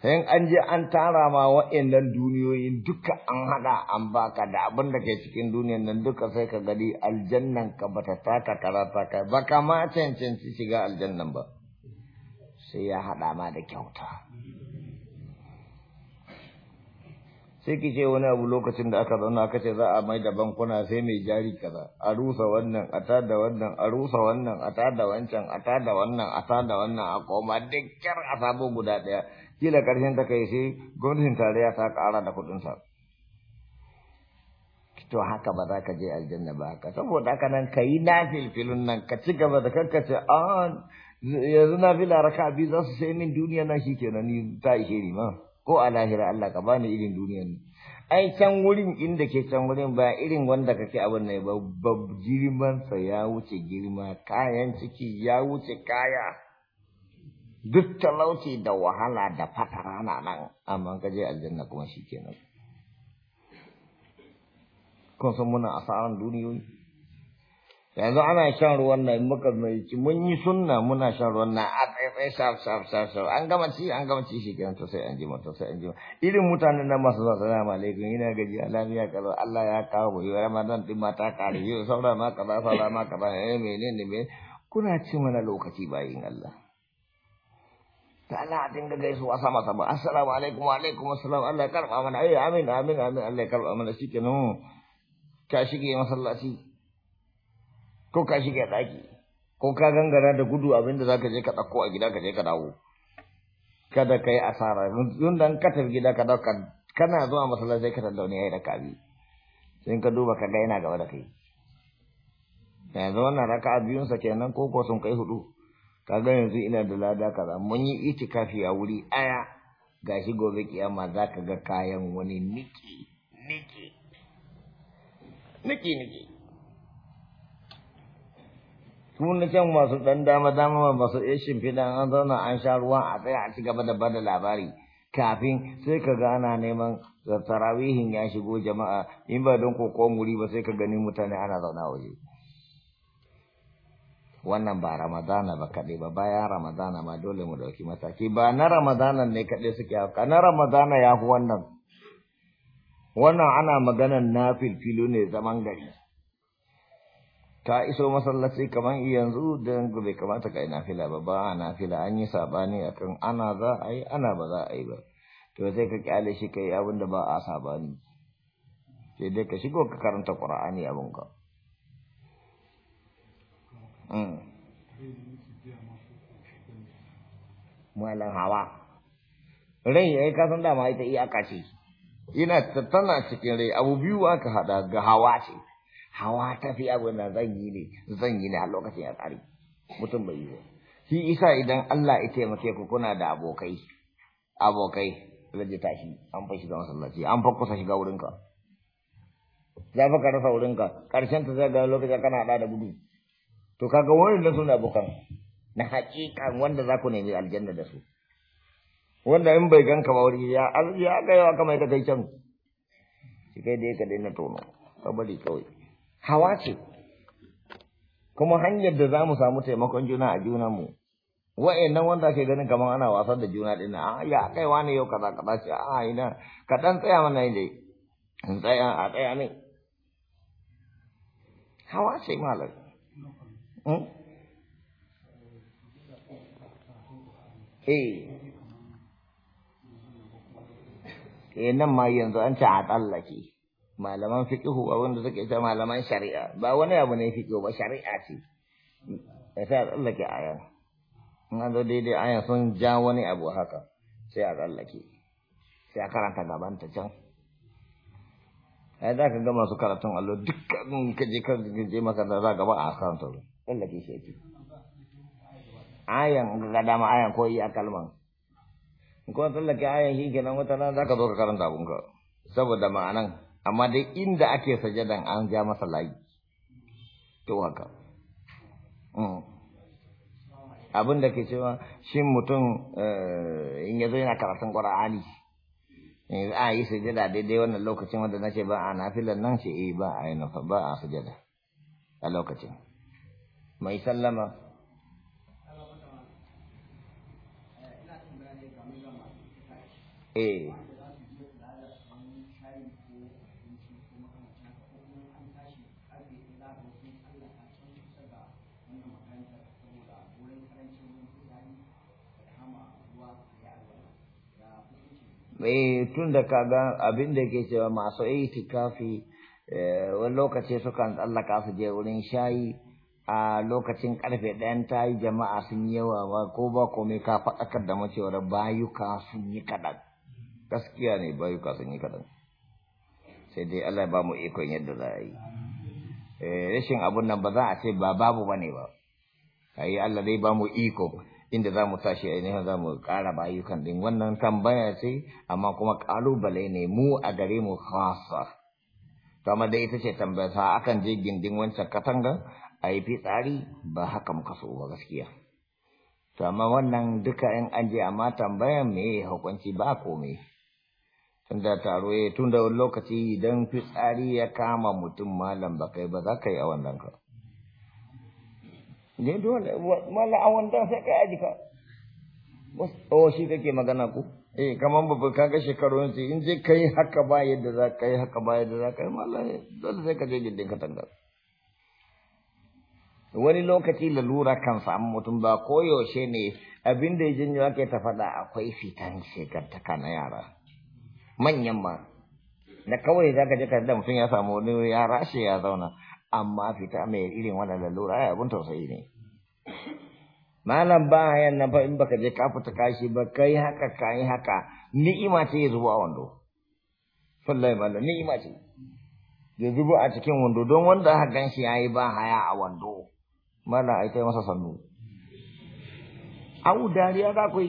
in an je an tara ma wa'annan duniyoyin duka an hada an baka da abin da ke cikin duniyan nan duka sai ka gani aljannan ka bata taka karata kai ba ka ma cancanci shiga aljannan ba sai ya hada ma da kyauta sai ki ce wani abu lokacin da aka zauna aka ce za a mai da bankuna sai mai jari kaza a rusa wannan a tada wannan a rusa wannan a tada wancan a tada wannan a tada wannan a koma duk kyar a sabo guda daya kila karshen ta kai sai gwamnatin tarayya ta kara da sa to haka ba za ka je aljanna ba ka? saboda haka nan ka yi na nan ka ci gaba da kanka ce ah, yanzu na fila raka biyu za su sai min duniya na shi kenan ni ta ishe ma ko a lahira Allah ka bani irin duniya ni ai can wurin inda ke can wurin ba irin wanda kake abin ne ba girman sa ya wuce girma kayan ciki ya wuce kaya duk talauci da wahala da fatara na nan amma ka je aljanna kuma shi nan kun san muna asaran duniyoyi yanzu ana shan ruwan nan muka mai mun yi sunna muna shan ruwan nan a tsaitsai shaf shaf shaf. saf an gama ci an gama ci shi kenan to sai an jima to sai an jima irin mutanen nan masu zuwa salamu alaikum ina gaji lafiya kaza Allah ya kawo wa Ramadan din ma ta kare yau saura ma kaza saura ma kaza eh menene me kuna ci mana lokaci bayin Allah ana dinga gaisuwa sama sama assalamu alaikum wa alaikum assalam Allah ya karba mana ai amin amin amin Allah ya karba mana shikenan ka shige masallaci ko ka shige daki ko ka gangara da gudu abinda zaka je ka dauko a gida ka je ka dawo kada kai asara yun dan katar gida ka dauka kana zuwa masallaci ka tada wani yayi da kabi sai ka duba ka ga yana gaba da kai yanzu wannan raka'a biyun sa kenan ko ko sun kai hudu kaga yanzu ina da lada kaza mun yi itikafi a wuri aya gashi gobe kiyama za ka ga kayan wani niki niki niki niki can masu dan dama dama masu iya shimfiɗa an zauna an sha ruwa a tsaya a ci gaba da bada labari kafin sai ka ga ana neman tarawihin ya shigo jama'a in ba don kokon wuri ba sai ka gani mutane ana zauna waje. wannan ba ramadana ba kaɗai ba bayan ramadana ma dole mu ɗauki mataki ba na ramadana ne kaɗai suke hauka na ramadana ya fi wannan wannan ana maganan na filfilu ne zaman gari ta iso masallaci kamar yanzu don bai kamata ka yi fila ba ba a fila. an yi saɓani a kan ana za a yi ana ba za a yi ba to sai ka kyale shi ka yi abin da ba a saɓani sai dai ka shigo ka karanta ƙura'ani abin ka Mm. Malam hawa. Rai ya yi kasan dama ita aka ce. Ina tana cikin rai abu biyu aka hada ga hawa ce. Hawa ta fi abu na zan yi ne, zan yi ne a lokacin ya tsari. Mutum bai yi ba. Shi isa idan Allah ya taimake ku kuna da abokai. Abokai, zai tashi an fashi ga masallaci, an fa kusa shiga wurinka. Za fa ka rasa wurinka, ƙarshen ta zai ga lokacin kana hada da gudu. to kaga wannan da suna bukan na hakikan wanda za ku nemi aljanna da su wanda in bai ganka ba wuri ya ya ga yawa kamar ka kai can shi kai dai ka daina tono ka bari kawai hawa ce kuma hanyar da za mu samu taimakon juna a junan mu wa'annan wanda ke ganin kamar ana wasan da juna din a ah, ya kai wani yau kaza kaza ce a ah, ina ka dan tsaya mana dai in tsaya a tsaya ne hawa ce malam Eh, nan ma yanzu an ce a tsallake, malaman fiƙihu wanda suke ta malaman shari'a, ba wani abu ne fiƙihu ba shari'a ce, ya sa a tsallake ayan. In an zo daidai ayan sun ja wani abu haka, sai a tsallake, sai a karanta gabanta can. ai za ka ga masu karatun allo dukkan ka je je maka da za gaba a karanta tsallake shi yake ayan ga dama ayan koyi a kalman in kuma tsallake ayan shi kenan wata nan za ka zo ka karanta abunka saboda ma'anan amma dai inda ake sajadan an ja masa layi to haka mm. abin da ke cewa shin mutum eh, in yazo yana karatun qur'ani in eh, a yi sujada daidai wannan lokacin wanda nace ba a nafilan nan ce eh ba a yi nafa ba a sujada a lokacin mai sallama eh eh tun da kaga abin da ke cewa masu itikafi eh, wani lokaci sukan tsallaka su je wurin shayi a lokacin karfe ɗayan ta yi jama'a sun yi yawa ba ko ba komai ka faɗakar da macewar bayuka sun yi kaɗan gaskiya ne bayuka sun yi kaɗan sai dai Allah ba mu ikon yadda za a yi eh, rashin abun nan ba za a ce ba babu ba ne ba ayi Allah dai ba mu iko inda za mu tashi ainihin za mu ƙara bayukan din wannan tambaya ce amma kuma ƙalubale ne mu a gare mu khasa to ita ce tambaya sa akan je gindin wancan katanga a yi fitsari ba haka muka so ba gaskiya to amma wannan duka in an je amma tambayan me hukunci ba komai tunda taro ya eh, tunda lokaci idan fitsari ya kama mutum malam ba kai ba za ka yi a wannan ka ne dole mala a wannan sai kai aji ka o shi kake magana ku eh kaman babu ka ga shekarun sai in je kai haka ba yadda za ka yi haka ba yadda za ka yi mala dole sai ka je gindin katanga wani lokaci lalura kan samu mutum ba koyaushe ne abin da ya janyo ake ta faɗa akwai fitan shekartaka na yara manyan ma da kawai za ka je ka da mutum ya samu wani ya rashe ya zauna amma fita mai irin wani lalura ya abin tausayi ne malam ba hayan nan fa in baka je ka fita kashi ba kai haka kai haka ni'ima ce ya zubo a wando wallahi malam ni'ima ce ya zubo a cikin wando don wanda aka gan shi yayi ba haya a wando mana a kai masa sannu au dariya za ku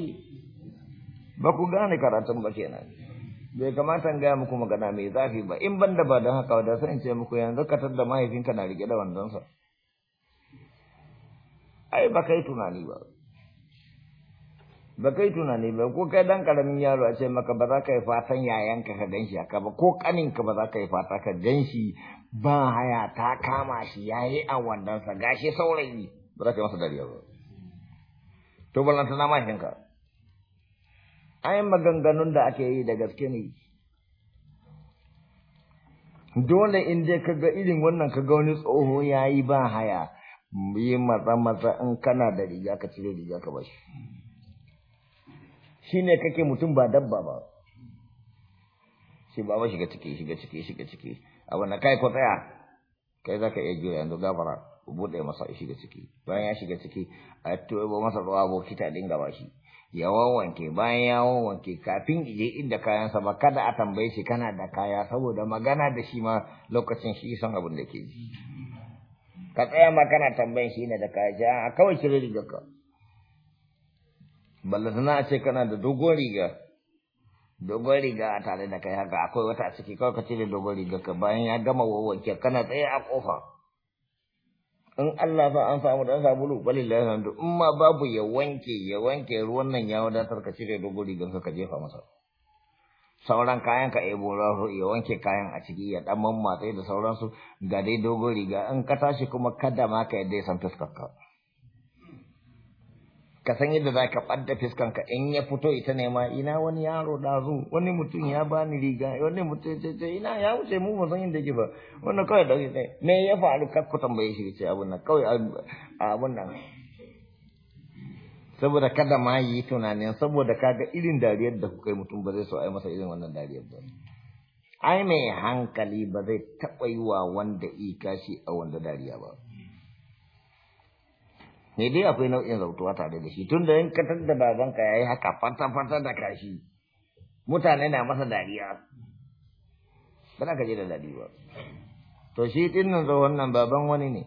ba ku gane karatun ba kenan bai kamata in gaya muku magana mai zafi ba in ban ba don haka da sai in ce muku yanzu ka da mahaifinka na rike da wandonsa ai ba kai tunani ba ba kai tunani ba ko kai dan karamin yaro a ce maka ba za ka yi fatan yayanka ka ganshi haka ba ko kaninka ba za ka yi fata ka ganshi ba haya ta kama shi ya yi a ga shi saurayi ba za ka yi masa dariya ba to ballanta na ka. ayin maganganun da ake yi da gaske ne dole in dai ka ga irin wannan ka ga wani tsoho ya yi ba haya yi matsa matsa in kana da riga ka cire riga ka bashi shi ne kake mutum ba dabba ba shi ba ba shiga ciki shiga ciki shiga ciki abin da kai ko tsaya kai za ka iya jiya yanzu gabara buɗe masa ya shiga ciki bayan ya shiga ciki a tuwo masa ruwa a dinga ba shi ya wawanke bayan ya wawanke kafin ije inda kayansa ba kada a tambaye shi kana da kaya saboda magana da shi ma lokacin shi son abin da ke ji ka tsaya ma kana tambayan shi ne da kaya shi a ah, kawai cire rigar ka ballantana a ce kana da dogon riga dogon riga a tare da kai haka akwai wata a ciki kawai ka cire dogon riga ka bayan ya gama wawwanke kana tsaye a kofa in Allah fa an samu dan sabulu walillahi alhamdu in ma babu ya wanke ya wanke ruwan nan ya wadatar ka cire dogon riga ka jefa masa sauran kayan ka ebo rahu ya wanke kayan a ciki ya dan mammatse da sauransu ga dai dogon riga in ka tashi kuma kada ma ka yadda ya san fuskar ka ka san yadda za ka ɓadda fiskanka in ya fito ita ne ma ina wani yaro ɗazu wani mutum ya bani riga wani mutum ce ce ina ya wuce mu ba san yadda ke ba wannan kawai da ne me ya faru kar ku tambaye shi ce abun nan kawai abun nan saboda kada ma yi tunanin saboda kaga irin dariyar da kuka yi mutum ba zai so a yi masa irin wannan dariyar ba ai mai hankali ba zai taɓa yi wa wanda ikashi a wanda dariya ba. sai dai akwai nau'in zautuwa tare da shi da yin ka da babanka ya yi haka fata fata da kashi mutane na masa dariya ba na ka je da dadi ba to shi din nan zo wannan baban wani ne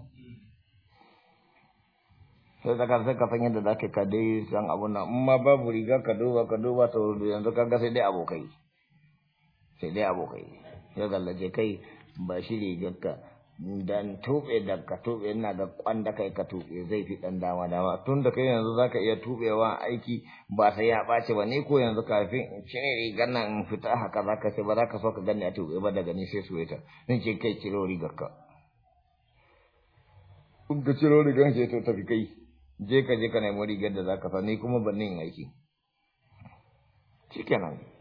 sai da sai ka san yadda za ka dai san abun nan in ma babu riga ka duba ka duba to yanzu ka ga sai dai abokai sai dai abokai ya gallaje kai ba shi rigar ka dan tuɓe da ka tuɓe ina da kwanda kai ka tuɓe zai fi ɗan dama dama tun da kai yanzu zaka iya tuɓewa aiki ba sai ya ɓace ba ne ko yanzu kafin in cire rigar nan in fita haka zaka ce ba za ka so ka ganni a tuɓe ba daga ni sai suweta in ce kai ciro rigar ka in ka ciro rigar ce to tafi kai je ka je ka nemi rigar da zaka sa ni kuma ban yin aiki shikenan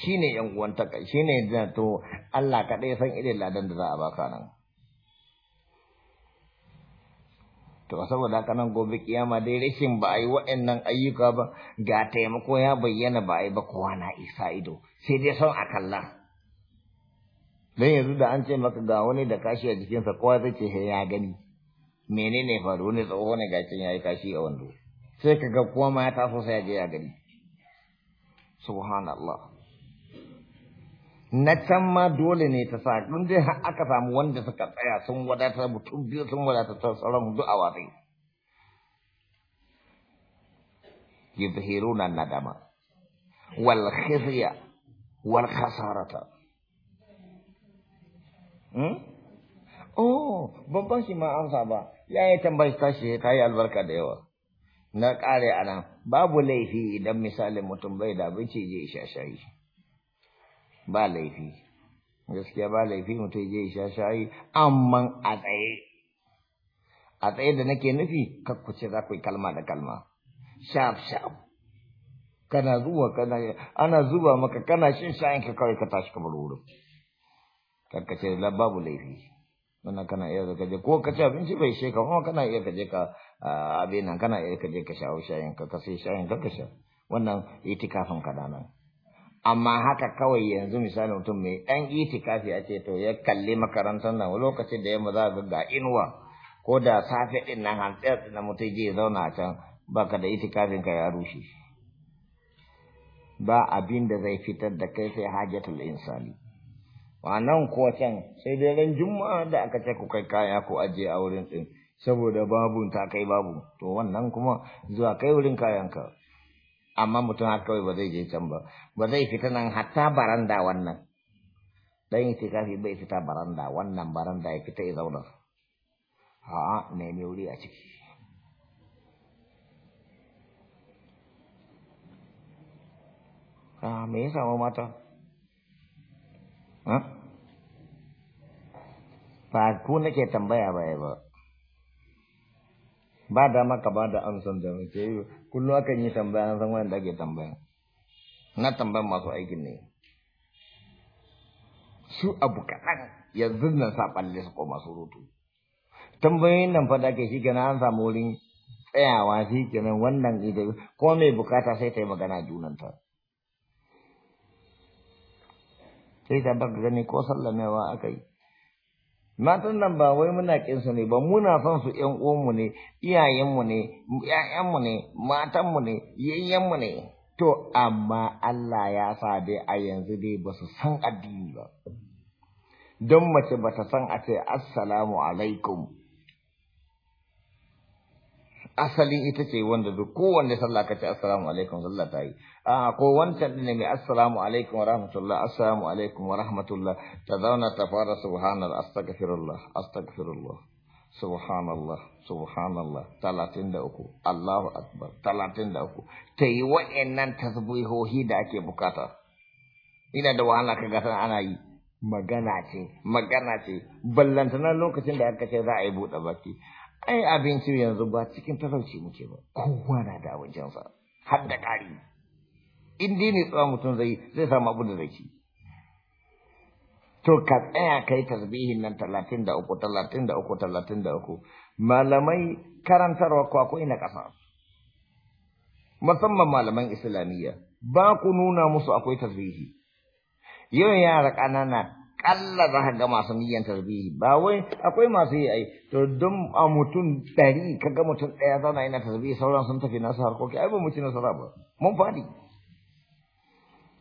Shi ne yan uwanta kai shine to Allah kaɗai san irin ladan da za a baka nan to saboda haka gobe kiyama dai rashin ba a yi wa'annan ayyuka ba ga taimako ya bayyana ba a yi ba kowa na isa ido sai dai son a kalla dan yanzu da an ce maka ga wani da kashi a jikinsa kowa zai ce ya gani menene faru ne tsoho ne ga ya yi kashi a wando sai ka ga kowa ma ya taso sai ya je ya gani subhanallah na can ma dole ne ta sa kun dai aka samu wanda suka tsaya sun wadatar mutum biyu sun wadatar sauran hudu a watsi yubhiruna nadama wal khizya wal khasarata hmm? oh babban shi ma amsa ba yayi tambayi tashi kai albarka da yawa na kare anan babu laifi idan misalin mutum bai da abinci je shashayi ba laifi gaskiya ba laifi mutum je sha shayi amman a tsaye a tsaye da nake nufi kakkuce za ku yi kalma da kalma shaf shaf kana zuwa kana ana zuba maka kana shin shayin ka kawai ka tashi kamar wurin karkace la babu laifi wannan kana iya ka je ko ka ci abinci bai she ka kuma kana iya ka je ka abin nan kana iya ka je ka shawo shayin ka ka sai shayin ka ka sha wannan itikafin ka nan amma haka kawai yanzu misali mutum mai ɗan itikafi a ce to ya kalli makarantar nan lokacin da yamma za ga ga inuwa ko da safe ɗin nan hantsiyar na mutum je zauna a can baka da itikafin ka ya rushe ba abin da zai fitar da kai sai hajjatul insani wannan kuwa can sai dai ran juma'a da aka ce ku kai kaya ko ajiye a wurin ɗin saboda babu ta kai babu to wannan kuma zuwa kai wurin kayanka amma mutum har kawai ba zai je can ba ba zai fita nan hatta baranda wannan dan itikafi bai fita baranda wannan baranda ya fita ya zauna a'a nemi wuri a ciki Ah, me ya samu mata? Ba ku nake tambaya ba ba. ba da maka ba da amsan da muke yi kullum akan yi tambaya an san wanda ake tambaya na tambayan masu aikin ne su abu kaɗan yanzu nan sa balle su koma surutu tambayoyin nan fada ke shi kenan an samu wurin tsayawa eh, shi kenan wannan ido. ko mai bukata sai ta yi magana junanta sai ta baka gani ko sallamewa aka yi matan nan ba wai muna kin su ne ba muna son su ƴan uwanmu ne iyayenmu ne ƴaƴanmu ne matanmu ne yayyenmu ne to amma Allah ya sa dai a yanzu dai ba su san addini ba don mace ba ta san a ce assalamu alaikum asali ita ce wanda duk kowanne sallah ka ce assalamu alaikum sallah ta yi a ko wancan ne mai assalamu alaikum wa rahmatullah assalamu alaikum wa rahmatullah ta zauna ta fara subhanallah astaghfirullah astaghfirullah subhanallah subhanallah talatin da uku allahu akbar talatin da uku ta yi wa'annan tasbihohi da ake bukata ina da wahala ka gasa ana yi magana ce magana ce ballantana lokacin da aka ce za a yi buɗe baki ai abinci yanzu ba cikin talauci muke ba kowa na da abincinsa har da ƙari in ne tsawon mutum zai zai samu abin da zai ci to ka tsaya kai tasbihin nan talatin da uku talatin da uku talatin da uku malamai karantarwa ko akwai na ƙasa musamman malaman islamiyya ba ku nuna musu akwai tasbihi Yawan yara ƙanana kalla za ka ga masu niyyar tasbihi ba wai akwai masu yi ai to don a mutum ɗari ka ga mutum ɗaya zauna yana tasbihi sauran sun tafi nasu harkoki ai ba mu ci nasara ba mun faɗi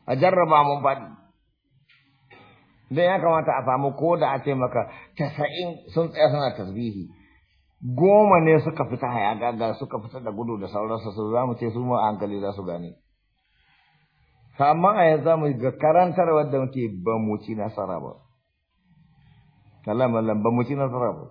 a jarraba mun faɗi don ya kamata a samu ko da a ce maka tasa'in sun tsaya suna tasbihi goma ne suka fita ga suka fita da gudu da sauransu su za mu ce su ma hankali za su gane kama a yanzu mu ga karantar wadda muke ba mu ci nasara ba Allah ba mu ci nasara ba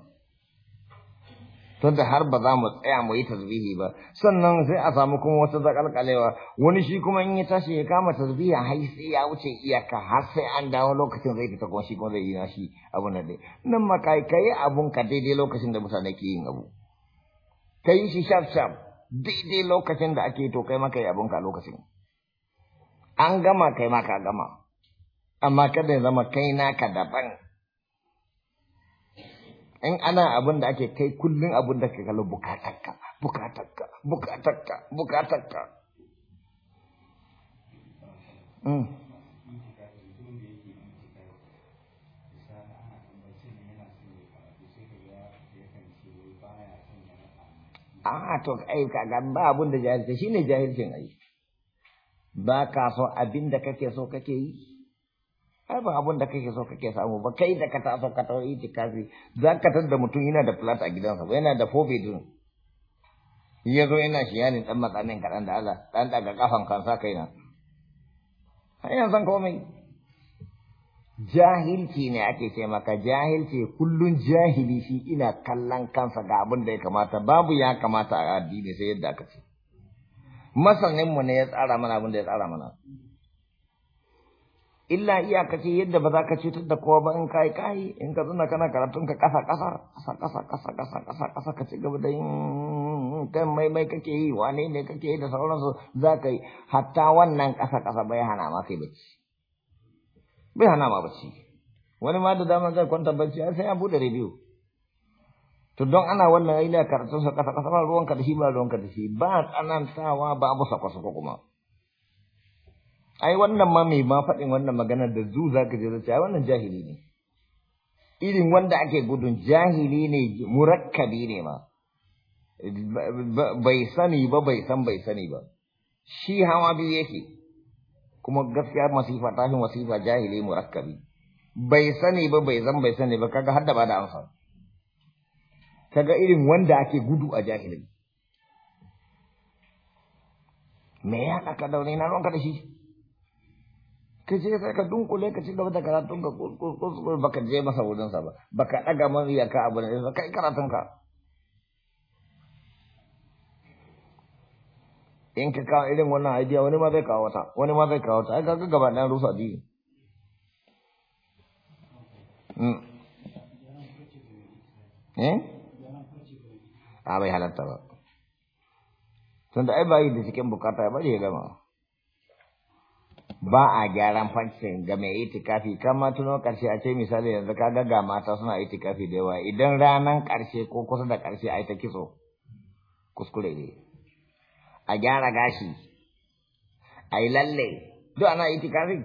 tunda har ba za mu tsaya mu yi tasbihi ba sannan sai a samu kuma wata zakalkalewa wani shi kuma in ya tashi ya kama tasbihi har sai ya wuce iyaka har sai an dawo lokacin zai fita kuma shi kuma zai yi na shi abu na dai nan ma kai kai abun ka daidai lokacin da mutane ke yin abu kai shi shaf shaf daidai lokacin da ake to kai maka yi abun ka lokacin an gama kai ma ka gama amma kada ya zama kai naka daban in ana abin da ake kai kullum abin da ke kallo bukatarka bukatarka bukatarka bukatarka mm. a ah, to ai kaga ba abun da jahilci shine jahilcin ai ba ka so abin da kake so kake yi ai ba abin da kake so kake samu ba kai da ka ta so ka ta itikafi za ka tar da mutum yana da flat a gidansa yana da four bedroom ya zo yana shiyanin dan matsamin kaɗan da Allah dan daga kafan kansa kaina har yanzu komai jahilci ne ake ce maka jahilci kullun jahili shi ina kallon kansa ga abin da ya kamata babu ya kamata a addini sai yadda aka ce masaninmu ne ya tsara mana abin da ya tsara mana illa iya kace yadda ba za ka cutar da kowa ba in kai kai in ka zuna kana karatun ka kasa kasa kasa kasa kasa kasa kasa kasa ka ci gaba da yin kan mai mai kake yi wane ne kake yi da sauransu za ka yi hatta wannan kasa kasa bai hana ma kai bacci bai hana ma bacci wani ma da dama zai kwanta bacci sai ya bude rediyo to don ana wannan aina karatun sa kasa kasa ba ruwan ka da shi ba ruwan ka da shi ba sawa ba abu sa sako kuma ai wannan ma mai ma faɗin wannan magana da zu za ka je zace ai wannan jahili ne irin wanda ake gudun jahili ne murakkabi ne ma bai sani ba bai san bai sani ba shi hawa biyu yake kuma gaskiya masifa tashin masifa jahili murakkabi bai sani ba bai zan bai sani ba kaga har da ba da amsa kaga irin wanda ake gudu a jahilin me ya ka daure na ronka da shi ka je sai ka dunkule ka ci gaba da karatun ka kuskus baka je masa wurin sa ba baka ɗaga man iyaka abu ne ba kai karatun ka in ka kawo irin wannan idea wani ma zai kawo wata wani ma zai kawo wata ai ga gaba ɗayan rusa di hmm. eh a bai halatta ba tunda ai bayi da cikin bukata ba ya gama ba a gyaran fancin ga mai itikafi kan ma tuno karshe a ce misali yanzu ka ga ga mata suna itikafi da yawa idan ranan karshe ko kusa da karshe a ta kiso kuskure ne a gyara gashi a yi lalle duk ana itikafi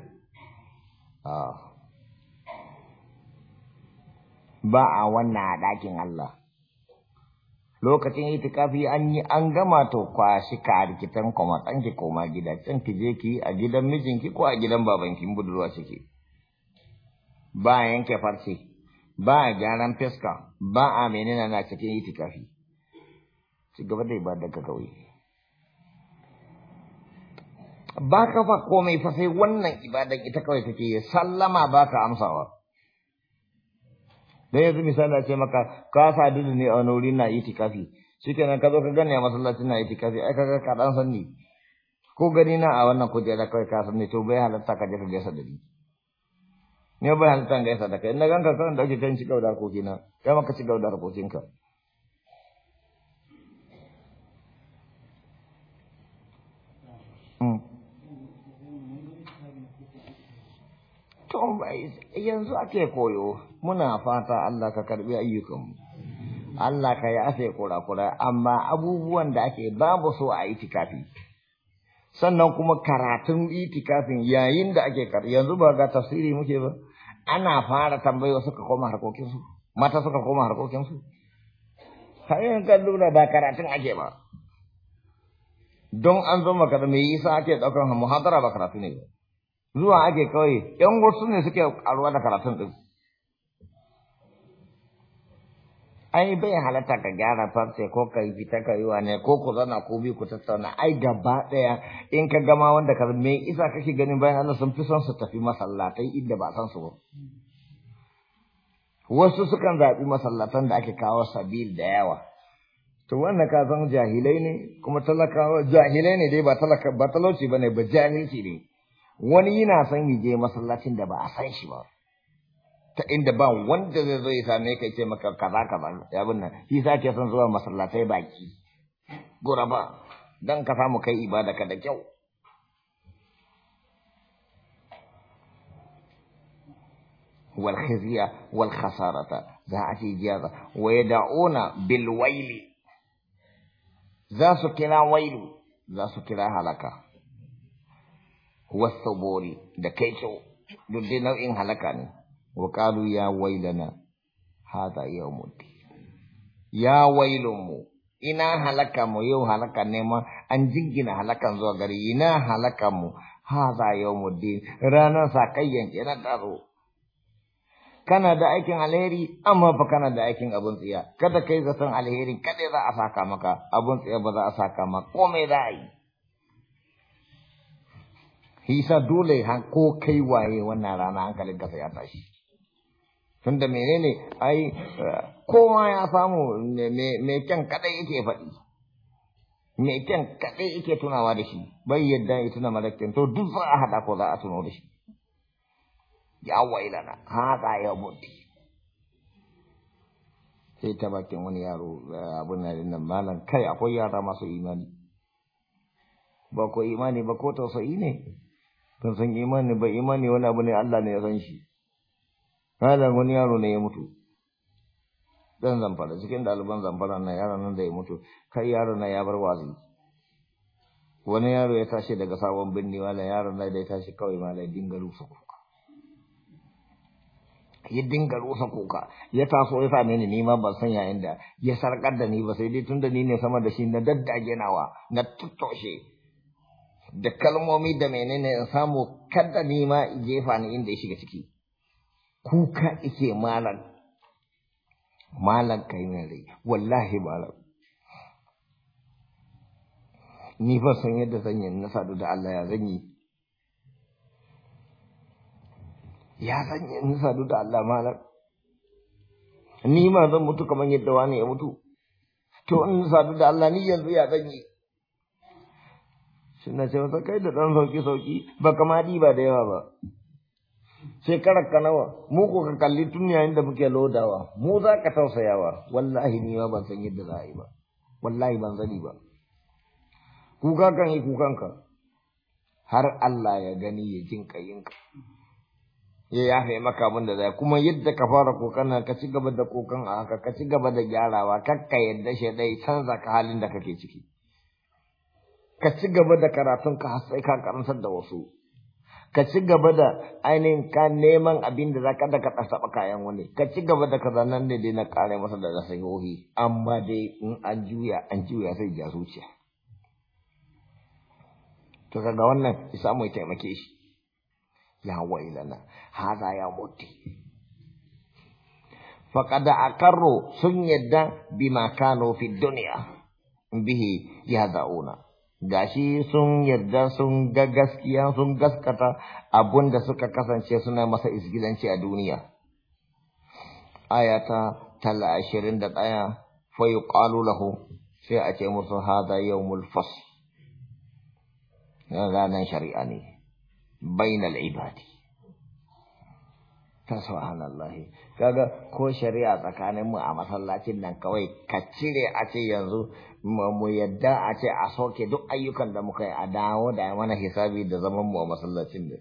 ba a wannan a ɗakin Allah lokacin itikafi an yi an gama to shi ka rikitan kuma dan ki koma gida can ki je ki a gidan mijinki ko a gidan babanki budurwa ciki ba yanke farce ba gyaran fiska ba a menene na cikin itikafi ci gaba da ba ka kawai ba ka fa komai fa sai wannan ibadar ita kawai take sallama ba ka amsawa dan yanzu misali a ce maka ka dudu ne a wani wuri na itikafi kenan ka zo ka gane a masallacin na itikafi ai kaga ka dan san ko gani na a wannan kujera kai ka san ne to bai halatta ka je ka gaisa da ni ne bai halatta ka gaisa da kai na ganka kan kake kan ci gaba da harkokina kai maka ci gaba da yanzu ake koyo muna fata Allah ka karbi ayyukanmu. Allah ka ase kura-kura amma abubuwan da ake babu so a itikafi. Sannan kuma karatun itikafin yayin da ake kar yanzu ba ga tafsiri muke ba ana fara tambayo suka koma harkokinsu mata suka koma harkokinsu. hanyar kan lura ba karatun ake ba. Don an zo maka da me yasa ake ɗaukar muhadara ba karatu ne ba. zuwa ake kawai ‘yan wasu ne suke karuwa da karatun ɗin. yi bai halatta ka gyara farce ko ka yi fita ka yi ne ko ku zana ko bi ku tattauna ai gaba ɗaya in ka gama wanda ka me isa kake ganin bayan Allah sun fi son su tafi masallatai inda ba san su ba. Wasu sukan zaɓi masallatan da ake kawo sabil da yawa. to wannan ka san jahilai ne kuma talakawa jahilai ne dai ba talaka ba talauci bane ba jahilci ne wani yana son ya je masallacin da ba a san shi ba ta inda ba wanda zai zo ya same ka ce maka kaza kaza ya bin shi sa son zuwa masallatai baki ba. dan ka samu kai ibada ka da kyau wal khizya wal khasarata za a ce jiya wa yad'una bil waili za su kira wailu za su kira halaka wasu bori da kai duk dai nau'in halaka ne wa ya wailana hada yawmuddin ya wailunmu ina halaka mu yau halaka ne ma an jingina halakan zuwa gari ina halaka mu hada yawmuddin ranar sa-kai sakayyan kira daro kana da aikin alheri amma ba kana da aikin abun tsiya kada kai zaton alheri, kada za a saka maka abun tsiya ba za a saka maka komai za a yi Isa dole ko kai waye wannan rana hankalin ka ya tashi. Tunda menene ai kowa ya samu mai kyan kadai yake faɗi. Mai kyan kadai yake tunawa da shi, bai yadda ya tuna malakin to duk za a haɗa ko za a tuno da shi. Ya wailana, haɗa ya mutu. sai ta bakin wani yaro eh, abin na nan malam kai akwai yara masu imani ba ko imani ba ko tausayi ne kan san imani ba imani wani abu ne Allah ne ya san shi ranar wani yaro ne ya mutu dan zamfara cikin daliban zamfara na yaron nan da ya mutu kai yaron na ya bar wazi wani yaro ya tashi daga sabon birni wala yaron na da ya tashi kawai malai dinga rusa kuka ya dinga rusa kuka ya taso ya same ni nima ban san ya inda ya sarkar da ni ba sai dai tunda ni ne sama da shi na daddage nawa na tattoshe da kalmomi da menene in samu kada ni ma jefa ni inda ya shiga ciki kuka ike malam malam kai ne rai wallahi malam ni ba san yadda zan yi na sadu da Allah ya zan yi ya zan yi na sadu da Allah malam ni ma zan mutu kamar yadda wani ya mutu to in sadu da Allah ni yanzu ya zan yi suna ce masa kai da ɗan sauki sauki ba kama ba da yawa ba shekarar ka nawa mu ko ka kalli tun yayin da muke lodawa mu za ka tausayawa wallahi ni ma ban san yadda za a yi ba wallahi ban zani ba kuka kan yi kukan ka har Allah ya gani ya jin kayin ka ya yafe maka abin da zai kuma yadda ka fara kokan ka ci gaba da kokan a haka ka ci gaba da gyarawa kakka yadda shi dai canza ka halin da kake ciki ka ci gaba da karatun ka har sai ka karantar da wasu ka ci gaba da ainihin ka neman abin da za ka da ka kayan wani ka ci gaba da kaza nan ne dai na kare masa da nasihohi amma dai in an juya an juya sai ja zuciya to kaga wannan isa mai taimake shi ya lana haza ya mutu a aqarru sun yadda bima kano fi duniya bihi ya zauna. gashi sun yarda sun ga gaskiya sun gaskata abun da suka kasance suna masa isgilanci a duniya ayata tala ashirin da ɗaya fa yuqalu lahu sai a ce musu hada yawmul fasl ranar shari'a ne bainal ibadi ta subhanallahi kaga ko shari'a tsakanin mu a masallacin nan kawai ka cire a ce yanzu mu yadda a ce a soke duk ayyukan da muka yi a dawo da mana hisabi da zaman mu a masallacin da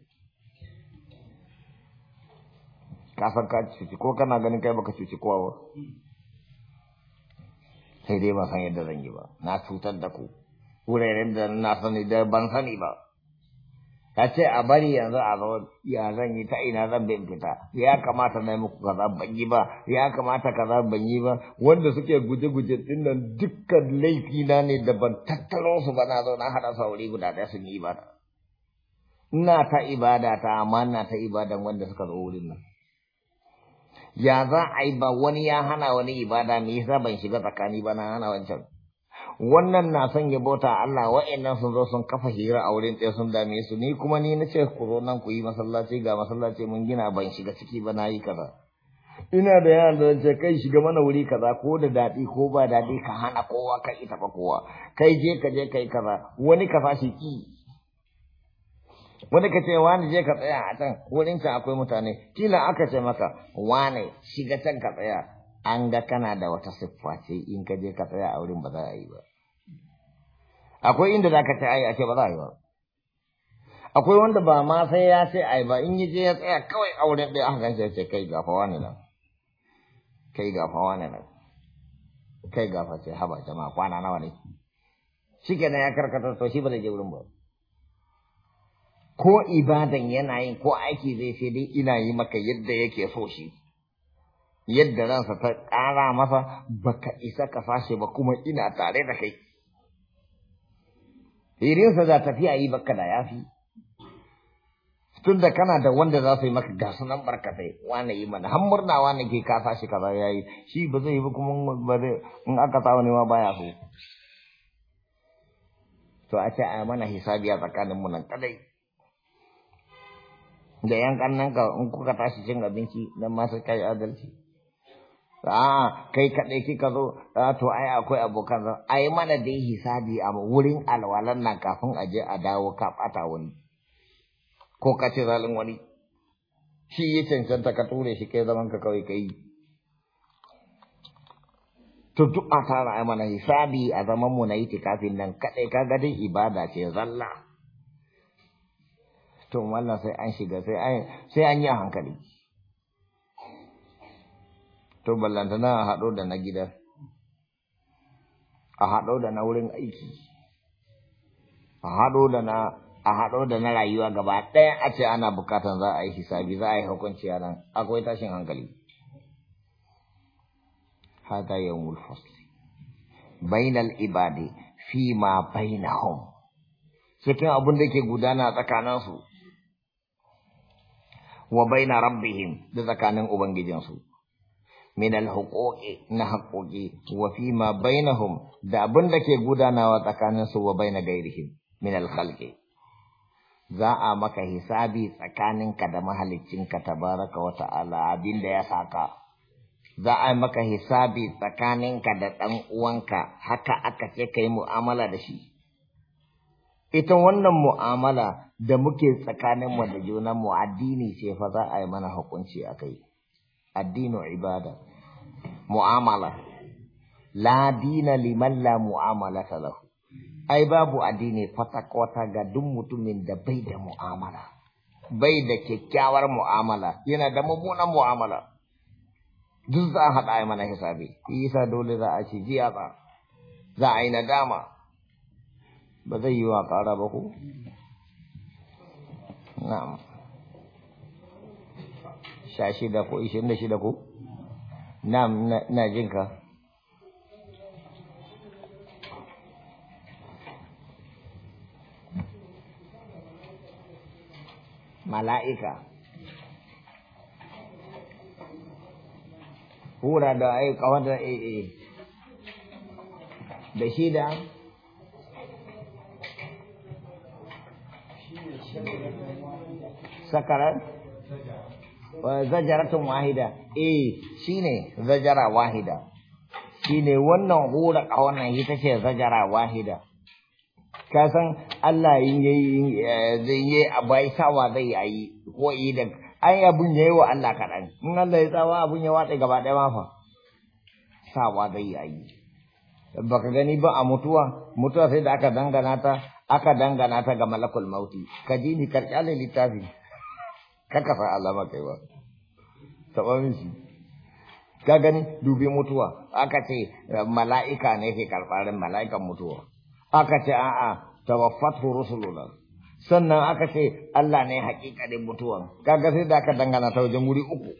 ka san ka cuci ko kana ganin kai baka cuci kowa sai dai ba san yadda zan yi ba na cutar da ku wuraren da na sani da ban sani ba ta ce a bari yanzu a zo ya zan yi ta ina zan bin fita ya kamata na muku kaza ban yi ba ya kamata kaza ban yi ba wanda suke guje-guje dinnan nan dukkan laifi na ne da ban tattalo su ba na zo na hada sauri guda da sun yi ba ina ta ibada ta amma ina ta ibada wanda suka zo wurin nan ya za a yi ba wani ya hana wani ibada me yasa ban shiga tsakani ba na hana wancan wannan na son ya bauta Allah wa'annan sun zo sun kafa hira a wurin ɗaya sun dame su ni kuma ni na ce ku zo nan ku yi masallaci ga masallaci mun gina ban shiga ciki ba na yi kaza ina da yaran da ce kai shiga mana wuri kaza ko da daɗi ko ba daɗi ka hana kowa kai ita ba kowa kai je ka je kai kaza wani ka fashi ki wani ka ce wani je ka tsaya a can wurin can akwai mutane kila aka ce maka wani shiga can ka tsaya an ga kana da wata siffa ce in ka je ka tsaya a wurin ba za a yi ba akwai inda za ka ce ai ake ba za a yi ba akwai wanda ba ma sai ya ce ai ba in yi je ya tsaya kawai a wurin ɗaya hakan sai ce kai gafa wani nan kai gafa wani nan kai gafa sai haba jama'a kwana nawa ne shi kenan ya karkata to shi ba zai je wurin ba ko ibadan yana yin ko aiki zai sai dai ina yi maka yadda yake so shi yadda ransa ta ƙara masa baka isa ka fashe ba kuma ina tare da kai Hirinsa za tafiya yi baka da yafi. Tunda kana da wanda za su yi maka gasu nan barkatai, wane yi mana, har murna wane ke kasa shi kaza ya yi, shi ba zai yi ba kuma ba in aka sa wani ma baya so. To a ce a mana hisabi a tsakaninmu nan kadai. Da yan kannan ka in kuka tashi cin abinci nan ma sai kai adalci. A'a, ah, kai kaɗai kika zo, ah, to ai akwai abokan zan, ai mana dai hisabi a wurin alwalan nan kafin a je a dawo ka ɓata wani, ko ka ce zalin wani, shi ya cancanta ka ture shi kai zaman ka kawai ka yi. To duk a tara ai mana hisabi a zaman mu na yi kafin nan kaɗai ka dai ibada ce zalla. To wannan sai an shiga sai an yi hankali. to ballantana a haɗo da na gida a haɗo da na wurin aiki a haɗo da na a haɗo da na rayuwa gaba ɗaya a ce ana bukatan za a yi hisabi za a yi hukunci a nan akwai tashin hankali hada yawmul fasl bainal ibadi fi ma bainahum cikin abin da ke gudana tsakaninsu wa baina rabbihim da tsakanin ubangijinsu min al na haƙoƙi wa fi ma bainahum da abin da ke gudanawa tsakanin su wa baina gairihim min al za a maka hisabi tsakaninka da ka, tabaraka wa ta'ala abin da ya saka za a maka hisabi tsakaninka da ɗan uwanka haka aka ce kai mu'amala da shi ita wannan mu'amala da muke mu da mu addini ce fa za a yi mana hukunci a kai addinu ibada mu'amala la dina liman la mu'amala lahu ai babu addini fatakota ga duk mutumin da bai da mu'amala bai da kyakkyawar mu'amala yana da mummunan mu'amala duk za a haɗa mana hisabi isa dole za a ci jiya ba za a yi nadama ba zai yi wa ƙara ba ku? na'am sha shida ko ishirin da shida ko? Nam Na, Na Jin Khả Malaika Hura da ai kawar da ai da shi da sakarar Eh, zajaratun wahida eh shine zajara wahida shine wannan hura kawannan ita ce zajara wahida ka san Allah yin yayi eh, zai yi abai sawa zai yi ko yi ai abun yayi wa Allah kadan in Allah ya tsawa abun ya watsa gaba ɗaya ma sawa zai yi baka gani ba a mutuwa mutuwa sai da aka dangana ta aka dangana ta ga malakul mauti ka ni karkale littafi kaka fa alama kai ba taba mishi ka gani dubi mutuwa aka ce eh, mala'ika ne ke karɓarin mala'ikan mutuwa aka ce a'a tawaffatu rusuluna sannan aka ce Allah ne haƙiƙanin mutuwa kaga sai da aka dangana ta wajen wuri uku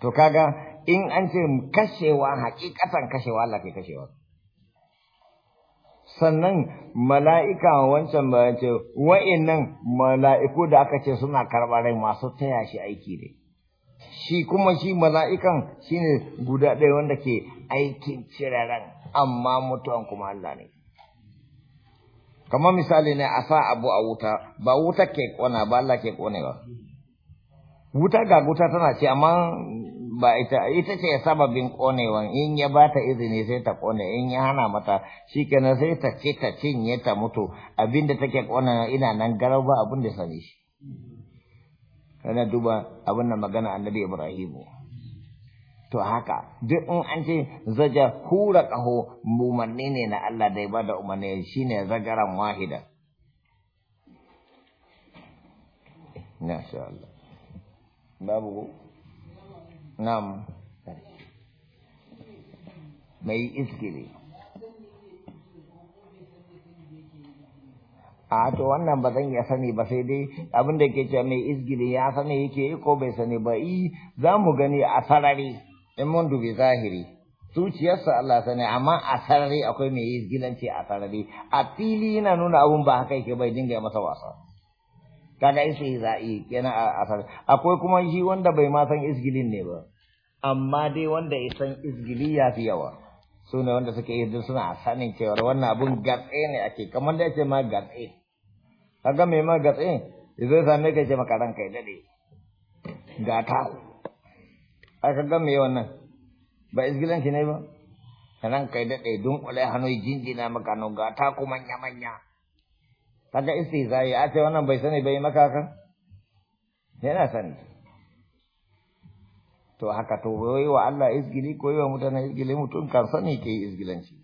to kaga in an ce kashewa hakikatan kashewa Allah ke kashewa sannan mala'ika wancan bayance ce wa'innan mala'iku da aka ce suna karɓar rai masu taya shi aiki ne shi kuma shi mala'ikan shine guda ɗaya wanda ke aikin cire amma mutuwan kuma Allah ne kamar misali ne a sa abu a wuta ba wuta ke kona ba Allah ke ƙone ba wuta ga wuta tana ce amma ba ita ita ce sababin konewa in ya ba ta izini sai ta kone in ya hana mata shikenan sai ta ce ta cinye ta mutu abinda take kona ina nan garau ba abin da sani shi kana duba abin da magana annabi ibrahim to haka duk in an ce zaja hura kaho umarni ne na Allah da ya da umarni shine zagaran wahida na Allah babu nam mai iskili a to wannan ba zan iya sani ba sai dai abin da ke ce mai izgili ya sani yake ko bai sani ba i za mu gani a sarari in mun dubi zahiri zuciyarsa Allah sani amma a sarari akwai mai izgilanci a sarari a fili yana nuna abun ba haka yake bai dinga masa wasa kaga sai za'i kenan a asar akwai kuma shi wanda bai ma san isgilin ne ba amma dai wanda ya san isgili ya fi yawa su ne wanda suke yi suna sanin cewar wannan abun gatse ne ake kamar da ce ma gatse kaga mai ma gatse zai same ka ce maka ranka ya dade gata ka ga me wannan ba isgilanci ne ba ranka ya daɗe dunkule hannu jinjina maka no gata kuma manya manya kaga istihza'i a ce ah, wannan bai sani bai maka kan yana sani to haka to wai wa Allah izgili ko yi wa mutane izgili mutum kan sani ke izgilanci